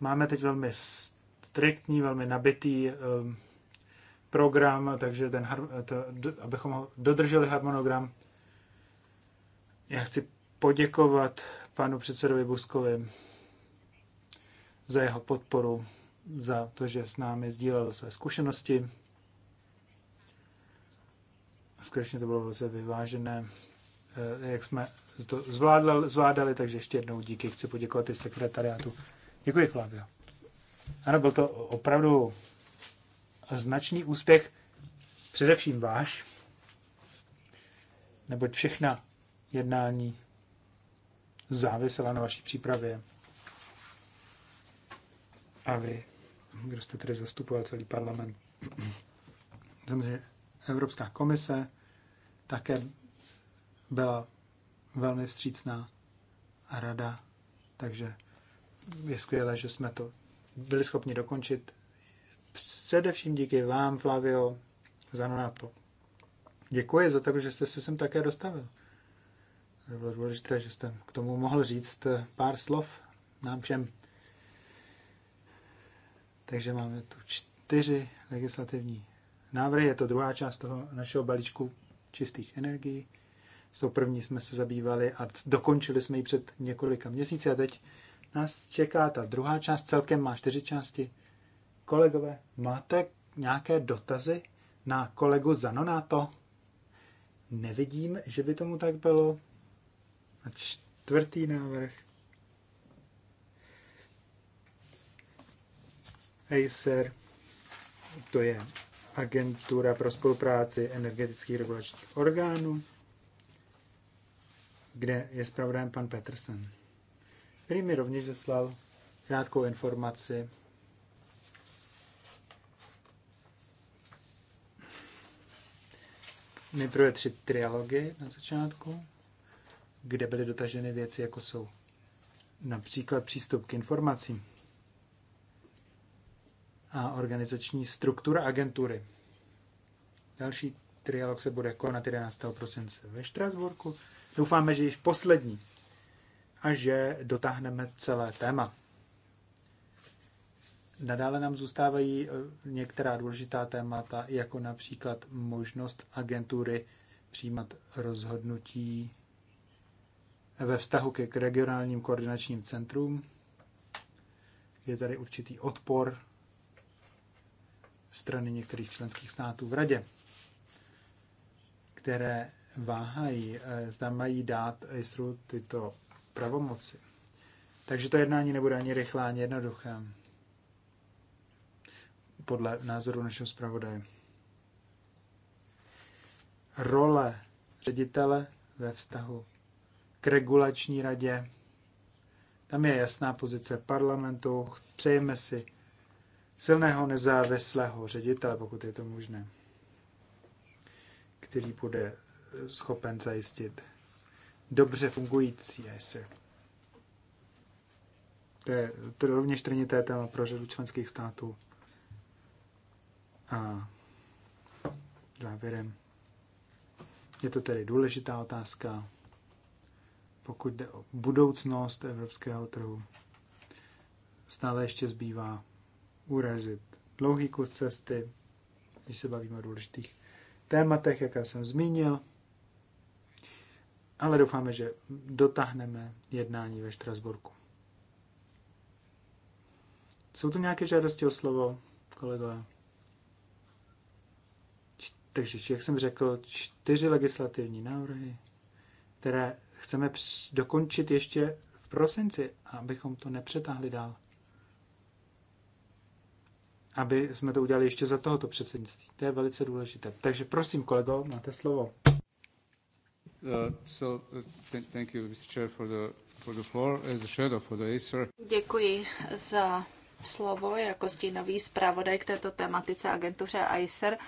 Máme teď velmi striktní, velmi nabitý um, program, takže ten, to, abychom ho dodrželi harmonogram. Já chci poděkovat panu předsedovi Buskovi za jeho podporu, za to, že s námi sdílel své zkušenosti. Skutečně to bylo velice vyvážené, eh, jak jsme to zvládali, zvládali, takže ještě jednou díky. Chci poděkovat i sekretariátu. Děkuji, Flavio. Ano, byl to opravdu a značný úspěch, především váš, neboť všechna jednání závisela na vaší přípravě. A vy, kdo jste tedy zastupoval celý parlament. Samozřejmě Evropská komise také byla velmi vstřícná a rada, takže je skvělé, že jsme to byli schopni dokončit Především díky vám, Flavio, za NATO. Děkuji za to, že jste se sem také dostavil. Bylo důležité, že jste k tomu mohl říct eh, pár slov nám všem. Takže máme tu čtyři legislativní návrhy. Je to druhá část toho našeho balíčku čistých energií. S tou první jsme se zabývali a dokončili jsme ji před několika měsíci a teď nás čeká ta druhá část. Celkem má čtyři části. Kolegové, máte nějaké dotazy na kolegu Zanonato? Nevidím, že by tomu tak bylo. A čtvrtý návrh. Acer, to je agentura pro spolupráci energetických regulačních orgánů, kde je zpravodajem pan Petersen, který mi rovněž zaslal krátkou informaci nejprve tři trialogy na začátku, kde byly dotaženy věci, jako jsou například přístup k informacím a organizační struktura agentury. Další trialog se bude konat 11. prosince ve Štrasburku. Doufáme, že již poslední a že dotáhneme celé téma. Nadále nám zůstávají eh, některá důležitá témata, jako například možnost agentury přijímat rozhodnutí ve vztahu ke k regionálním koordinačním centrům. Je tady určitý odpor strany některých členských států v radě, které váhají, eh, zda mají dát ISRU tyto pravomoci. Takže to jednání nebude ani rychlé, ani jednoduché podle názoru našeho zpravodaje. Role ředitele ve vztahu k regulační radě. Tam je jasná pozice parlamentu. Přejeme si silného nezávislého ředitele, pokud je to možné, který bude schopen zajistit dobře fungující ICER. To je to rovněž trnité téma pro řadu členských států. A závěrem je to tedy důležitá otázka, pokud jde o budoucnost evropského trhu. Stále ještě zbývá urazit dlouhý kus cesty, když se bavíme o důležitých tématech, jaká jsem zmínil. Ale doufáme, že dotáhneme jednání ve Štrasburku. Jsou tu nějaké žádosti o slovo, kolegové? Takže, jak jsem řekl, čtyři legislativní návrhy, které chceme dokončit ještě v prosinci, abychom to nepřetáhli dál. Aby jsme to udělali ještě za tohoto předsednictví. To je velice důležité. Takže prosím, kolego, máte slovo. Uh, uh, thank you, Mr. Chair, for the, for the floor as shadow for the ACER. Děkuji za slovo jako stínový zpravodaj k této tematice agentuře ICER.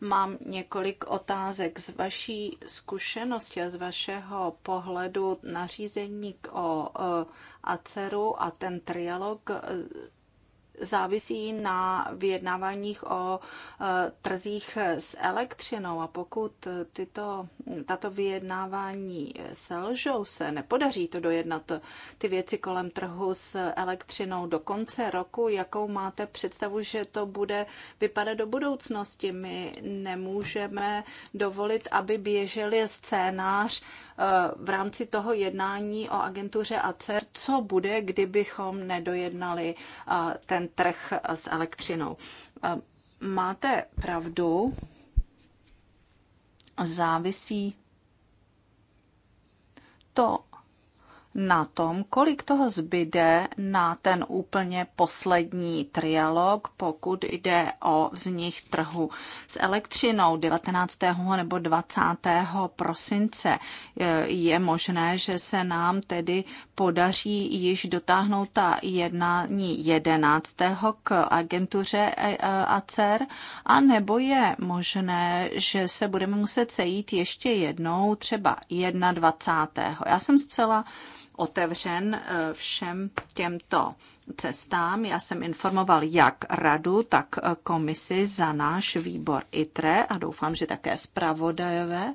Mám několik otázek z vaší zkušenosti a z vašeho pohledu nařízení o ACERu a ten trialog závisí na vyjednáváních o e, trzích s elektřinou a pokud tyto, tato vyjednávání selžou, se nepodaří to dojednat ty věci kolem trhu s elektřinou do konce roku, jakou máte představu, že to bude vypadat do budoucnosti? My nemůžeme dovolit, aby běžel scénář v rámci toho jednání o agentuře ACER, co bude, kdybychom nedojednali ten trh s elektřinou. Máte pravdu, závisí to na tom, kolik toho zbyde na ten úplně poslední trialog, pokud jde o vznik trhu s elektřinou 19. nebo 20. prosince. Je možné, že se nám tedy podaří již dotáhnout ta jednání 11. k agentuře e, e, ACER, a nebo je možné, že se budeme muset sejít ještě jednou, třeba 21. Já jsem zcela otevřen eh, všem těmto cestám. Já jsem informoval jak radu, tak komisi za náš výbor ITRE a doufám, že také zpravodajové.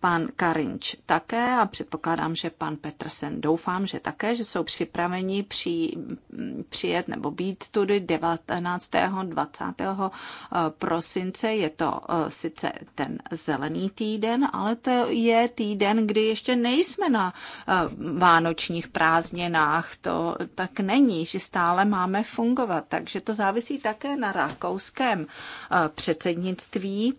Pan Karinč také a předpokládám, že pan Petrsen doufám, že také, že jsou připraveni při, přijet nebo být tudy 19. 20. Eh, prosince. Je to eh, sice ten zelený týden, ale to je týden, kdy ještě nejsme na eh, vánočních prázdninách. To tak tak není, že stále máme fungovat. Takže to závisí také na rakouském eh, předsednictví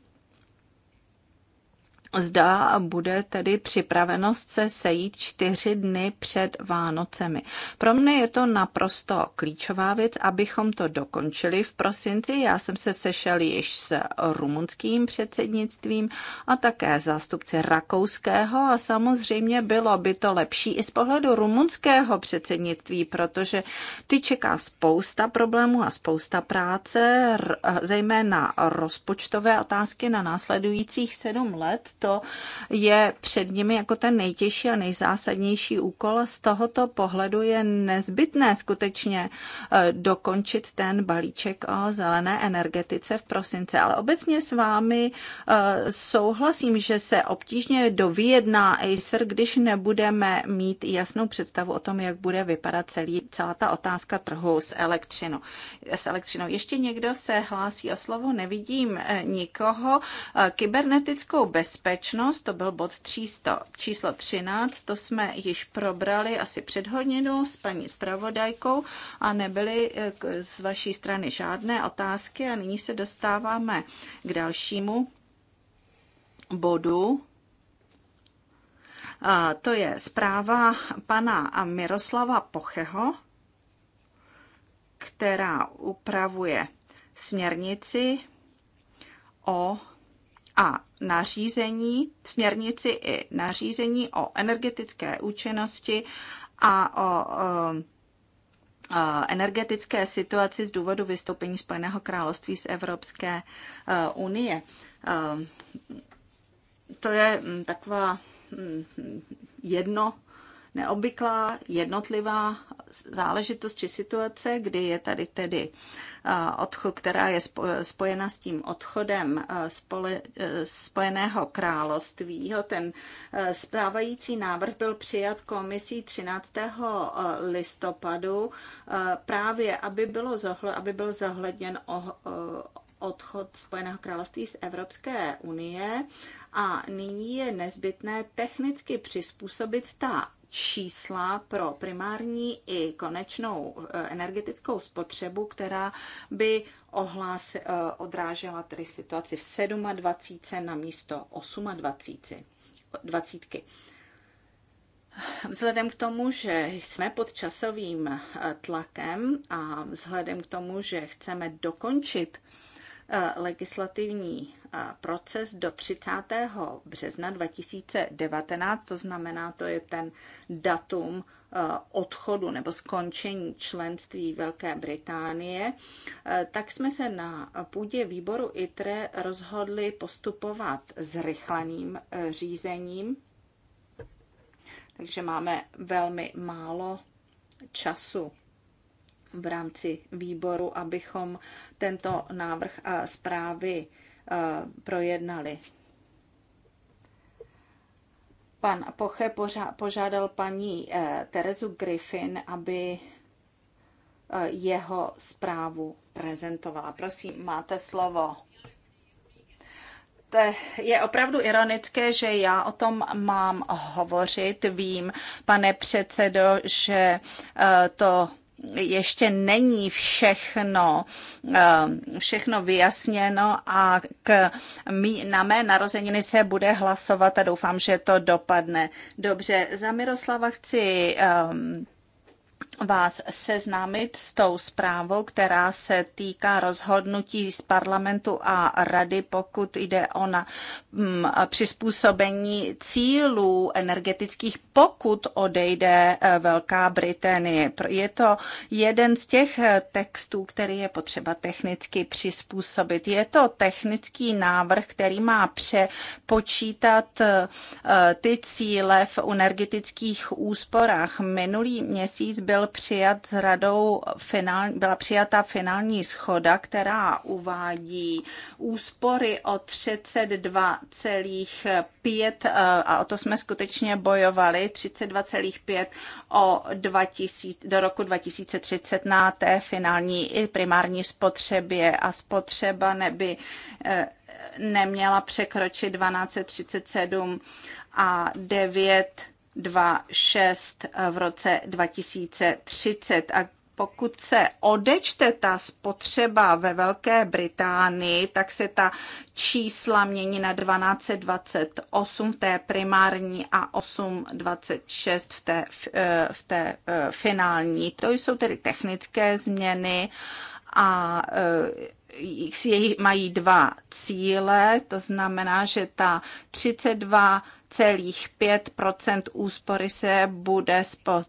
zda bude tedy připravenost se sejít čtyři dny před Vánocemi. Pro mě je to naprosto klíčová věc, abychom to dokončili v prosinci. Já jsem se sešel již s rumunským předsednictvím a také zástupci rakouského a samozřejmě bylo by to lepší i z pohledu rumunského předsednictví, protože ty čeká spousta problémů a spousta práce, zejména rozpočtové otázky na následujících sedm let to je před nimi jako ten nejtěžší a nejzásadnější úkol. Z tohoto pohledu je nezbytné skutečně eh, dokončit ten balíček o zelené energetice v prosince. Ale obecně s vámi eh, souhlasím, že se obtížně dovyjedná Acer, když nebudeme mít jasnou představu o tom, jak bude vypadat celý, celá ta otázka trhu s elektřinou. S elektřinou. Ještě někdo se hlásí o slovo? Nevidím eh, nikoho. Kybernetickou bezpečnost bezpečnost, to byl bod 300, číslo 13, to jsme již probrali asi před hodinu s paní zpravodajkou a nebyly eh, z vaší strany žádné otázky a nyní se dostáváme k dalšímu bodu. A to je zpráva pana Miroslava Pocheho, která upravuje směrnici o a nařízení, směrnici i nařízení o energetické účinnosti a o, o eh, eh, energetické situaci z důvodu vystoupení Spojeného království z Evropské eh, unie. To je mm, taková mm, jedno neobvyklá jednotlivá záležitost či situace, kdy je tady tedy eh, odchod, která je spojena s tím odchodem eh, spole, eh, Spojeného království. Ten správající návrh byl přijat komisí 13. listopadu právě, aby, bylo zohle, aby byl zohledněn o, odchod Spojeného království z Evropské unie a nyní je nezbytné technicky přizpůsobit ta čísla pro primární i konečnou eh, energetickou spotřebu, která by ohlás, eh, odrážela tedy situaci v 27 na místo 28. Vzhledem k tomu, že jsme pod časovým eh, tlakem a vzhledem k tomu, že chceme dokončit Eh, legislativní eh, proces do 30. března 2019, to znamená, to je ten datum eh, odchodu nebo skončení členství Velké Británie, tak jsme se na půdě výboru ITRE rozhodli postupovat zrychleným řízením. Takže máme velmi málo času v rámci výboru, abychom tento návrh eh, zprávy eh, projednali. Pan Poche požádal paní eh, Terezu Griffin, aby jeho zprávu prezentovala. Prosím, máte slovo. To je opravdu ironické, že já o tom mám hovořit. Vím, pane předsedo, že to ještě není všechno, eh, všechno vyjasněno a k, mý, na mé narozeniny se bude hlasovat a doufám, že to dopadne. Dobře, za Miroslava chci eh, vás seznámit s tou zprávou, která se týká rozhodnutí z parlamentu a rady, pokud jde o na Mm, přizpůsobení cílů energetických, pokud odejde eh, Velká Británie. Je to jeden z těch eh, textů, který je potřeba technicky přizpůsobit. Je to technický návrh, který má přepočítat eh, ty cíle v energetických úsporách. Minulý měsíc byl přijat s radou, finál, byla přijata finální schoda, která uvádí úspory o 32 32,5 eh, a o to jsme skutečně bojovali, 32,5 o 2000, do roku 2030 na té finální i primární spotřebě a spotřeba neby eh, neměla překročit 1237 a 9 2,6 v roce 2030. A pokud se odečte ta spotřeba ve Velké Británii, tak se ta čísla mění na 1228 v té primární a 826 v té, eh, v té eh, finální. To jsou tedy technické změny a eh, mají dva cíle, to znamená, že ta 32 5,5 úspory se bude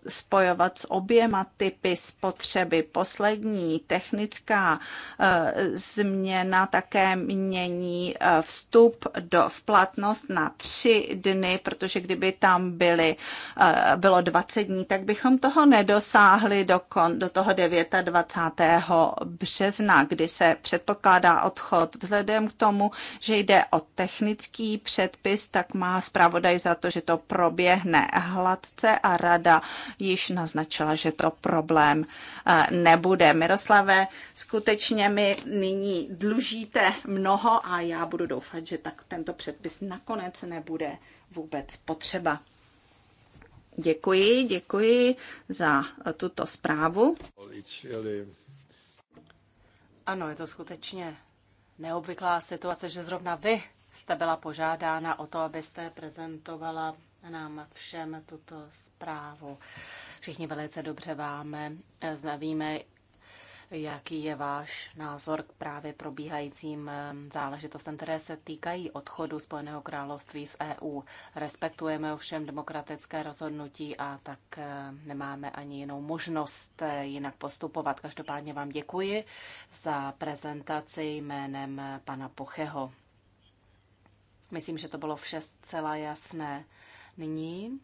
spojovat s oběma typy spotřeby. Poslední technická e, změna také mění e, vstup do, v platnost na tři dny, protože kdyby tam byly, e, bylo 20 dní, tak bychom toho nedosáhli do, kon, do toho 29. března, kdy se předpokládá odchod. Vzhledem k tomu, že jde o technický předpis, tak má zpráva zpravodaj za to, že to proběhne hladce a rada již naznačila, že to problém eh, nebude. Miroslave, skutečně mi nyní dlužíte mnoho a já budu doufat, že tak tento předpis nakonec nebude vůbec potřeba. Děkuji, děkuji za tuto zprávu. Ano, je to skutečně neobvyklá situace, že zrovna vy jste byla požádána o to, abyste prezentovala nám všem tuto zprávu. Všichni velice dobře váme, eh, znavíme, jaký je váš názor k právě probíhajícím eh, záležitostem, které se týkají odchodu Spojeného království z EU. Respektujeme ovšem demokratické rozhodnutí a tak eh, nemáme ani jinou možnost jinak postupovat. Každopádně vám děkuji za prezentaci jménem pana Pocheho. Myslím, že to bylo vše zcela jasné. Nyní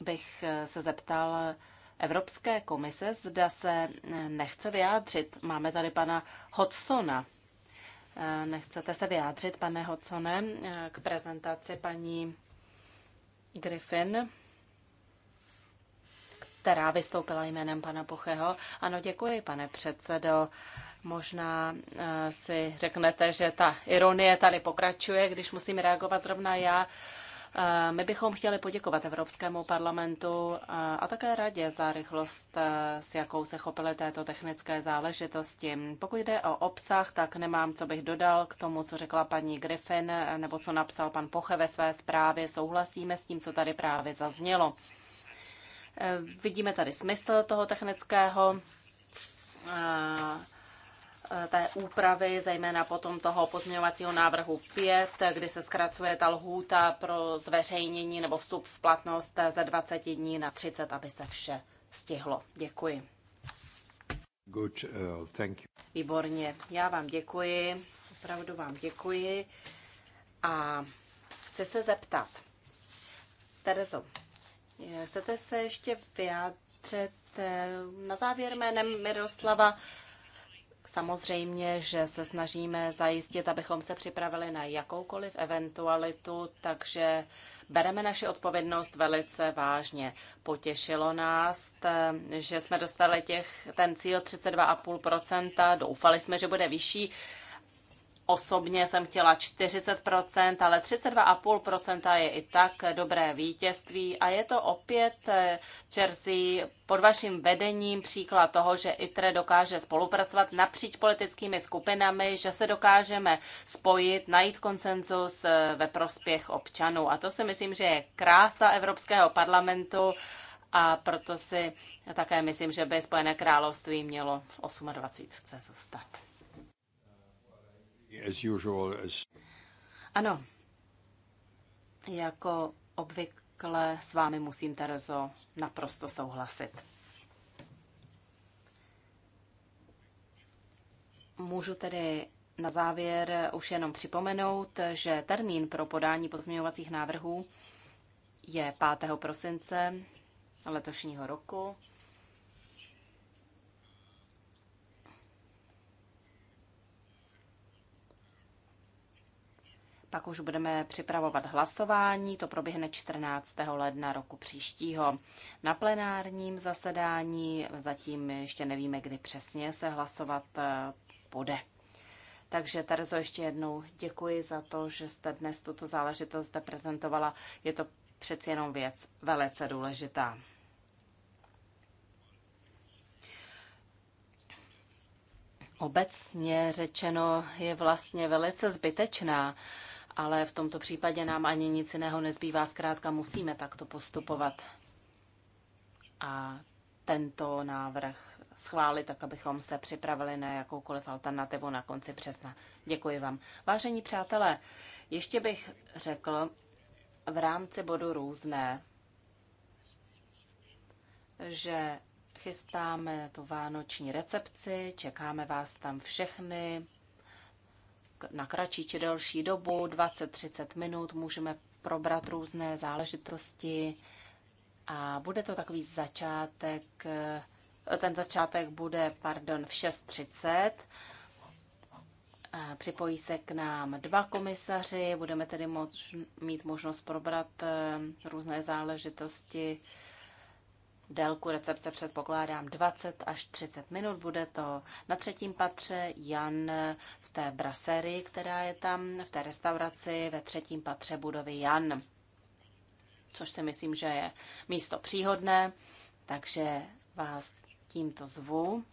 bych se zeptal Evropské komise, zda se nechce vyjádřit. Máme tady pana Hodsona. Nechcete se vyjádřit, pane Hodsone, k prezentaci paní Griffin, která vystoupila jménem pana Pocheho. Ano, děkuji, pane předsedo. Možná eh, si řeknete, že ta ironie tady pokračuje, když musím reagovat rovna já. Eh, my bychom chtěli poděkovat Evropskému parlamentu eh, a také radě za rychlost, s jakou se chopili této technické záležitosti. Pokud jde o obsah, tak nemám, co bych dodal k tomu, co řekla paní Griffin nebo co napsal pan Poche ve své zprávě. Souhlasíme s tím, co tady právě zaznělo. Vidíme tady smysl toho technického Eh, té úpravy, zejména potom toho pozměňovacího návrhu 5, kdy se zkracuje ta lhůta pro zveřejnění nebo vstup v platnost ze 20 dní na 30, aby se vše stihlo. Děkuji. Good, uh, thank you. Výborně, já vám děkuji, opravdu vám děkuji. A chci se zeptat, Terezo, eh, chcete se ještě vyjádřit na závěr jménem Miroslava Samozřejmě, že se snažíme zajistit, abychom se připravili na jakoukoliv eventualitu, takže bereme naši odpovědnost velice vážně. Potěšilo nás, eh, že jsme dostali těch, ten cíl 32,5%, doufali jsme, že bude vyšší, Osobně jsem chtěla 40%, ale 32,5% je i tak dobré vítězství a je to opět čerzí eh, pod vaším vedením příklad toho, že ITRE dokáže spolupracovat napříč politickými skupinami, že se dokážeme spojit, najít konsenzus eh, ve prospěch občanů. A to si myslím, že je krása Evropského parlamentu a proto si také myslím, že by Spojené království mělo v 28. zůstat. Ano, jako obvykle s vámi musím, Terezo, naprosto souhlasit. Můžu tedy na závěr už jenom připomenout, že termín pro podání pozměňovacích návrhů je 5. prosince letošního roku Pak už budeme připravovat hlasování, to proběhne 14. ledna roku příštího. Na plenárním zasedání zatím ještě nevíme, kdy přesně se hlasovat bude. Eh, Takže Terezo, ještě jednou děkuji za to, že jste dnes tuto záležitost zde prezentovala. Je to přeci jenom věc velice důležitá. Obecně řečeno je vlastně velice zbytečná ale v tomto případě nám ani nic jiného nezbývá, zkrátka musíme takto postupovat a tento návrh schválit, tak abychom se připravili na jakoukoliv alternativu na konci března. Děkuji vám. Vážení přátelé, ještě bych řekl v rámci bodu různé, že chystáme tu vánoční recepci, čekáme vás tam všechny na kratší či delší dobu, 20-30 minut, můžeme probrat různé záležitosti a bude to takový začátek, eh, ten začátek bude, pardon, v 6.30. Připojí se k nám dva komisaři, budeme tedy mít možnost probrat eh, různé záležitosti Délku recepce předpokládám 20 až 30 minut. Bude to na třetím patře Jan v té braserii, která je tam, v té restauraci ve třetím patře budovy Jan. Což si myslím, že je místo příhodné, takže vás tímto zvu.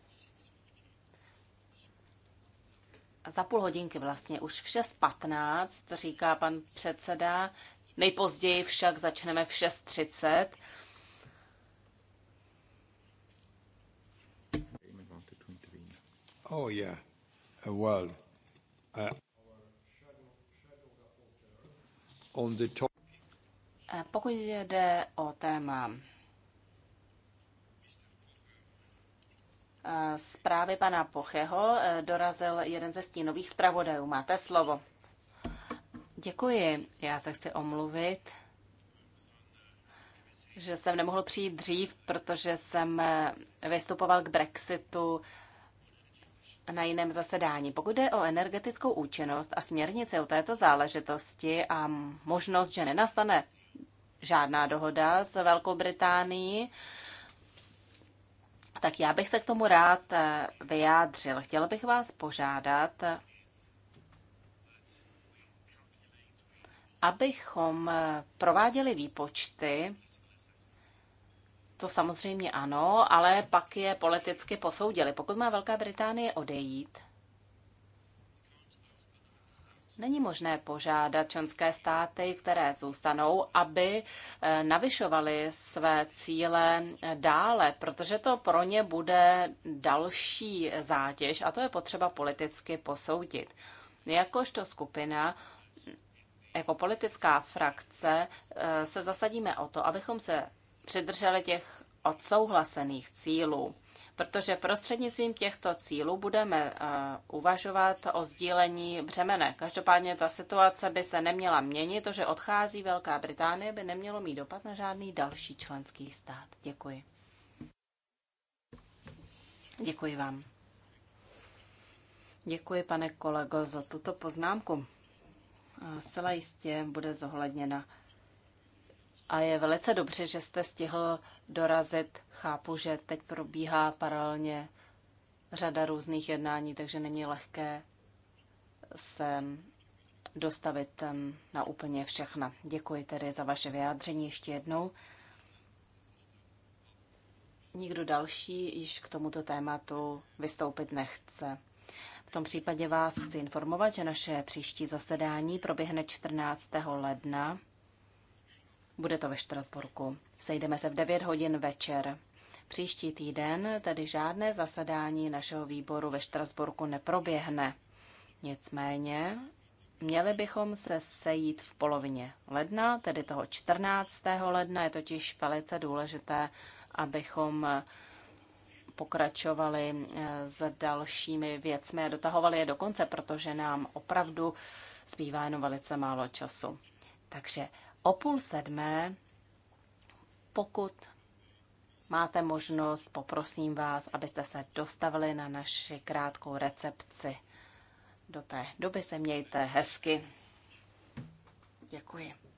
Za půl hodinky vlastně, už v 6.15, říká pan předseda, nejpozději však začneme v 6.30 Oh, yeah. Well, uh, on the top... Pokud jde o téma zprávy pana Pocheho, e, dorazil jeden ze stínových zpravodajů. Máte slovo. Děkuji. Já se chci omluvit, že jsem nemohl přijít dřív, protože jsem e, vystupoval k Brexitu na jiném zasedání. Pokud jde o energetickou účinnost a směrnice o této záležitosti a možnost, že nenastane žádná dohoda s Velkou Británií, tak já bych se k tomu rád eh, vyjádřil. Chtěl bych vás požádat, abychom eh, prováděli výpočty to samozřejmě ano, ale pak je politicky posoudili. Pokud má Velká Británie odejít, není možné požádat členské státy, které zůstanou, aby eh, navyšovaly své cíle eh, dále, protože to pro ně bude další zátěž a to je potřeba politicky posoudit. Jakožto skupina jako politická frakce eh, se zasadíme o to, abychom se přidrželi těch odsouhlasených cílů, protože prostřednictvím těchto cílů budeme eh, uvažovat o sdílení břemene. Každopádně ta situace by se neměla měnit, to, že odchází Velká Británie, by nemělo mít dopad na žádný další členský stát. Děkuji. Děkuji vám. Děkuji, pane kolego, za tuto poznámku. Zcela jistě bude zohledněna a je velice dobře, že jste stihl dorazit. Chápu, že teď probíhá paralelně řada různých jednání, takže není lehké se dostavit na úplně všechna. Děkuji tedy za vaše vyjádření ještě jednou. Nikdo další již k tomuto tématu vystoupit nechce. V tom případě vás chci informovat, že naše příští zasedání proběhne 14. ledna bude to ve Štrasburku. Sejdeme se v 9 hodin večer. Příští týden tedy žádné zasedání našeho výboru ve Štrasburku neproběhne. Nicméně měli bychom se sejít v polovině ledna, tedy toho 14. ledna. Je totiž velice důležité, abychom pokračovali eh, s dalšími věcmi a dotahovali je do konce, protože nám opravdu zbývá jenom velice málo času. Takže o půl sedmé, pokud máte možnost, poprosím vás, abyste se dostavili na naši krátkou recepci. Do té doby se mějte hezky. Děkuji.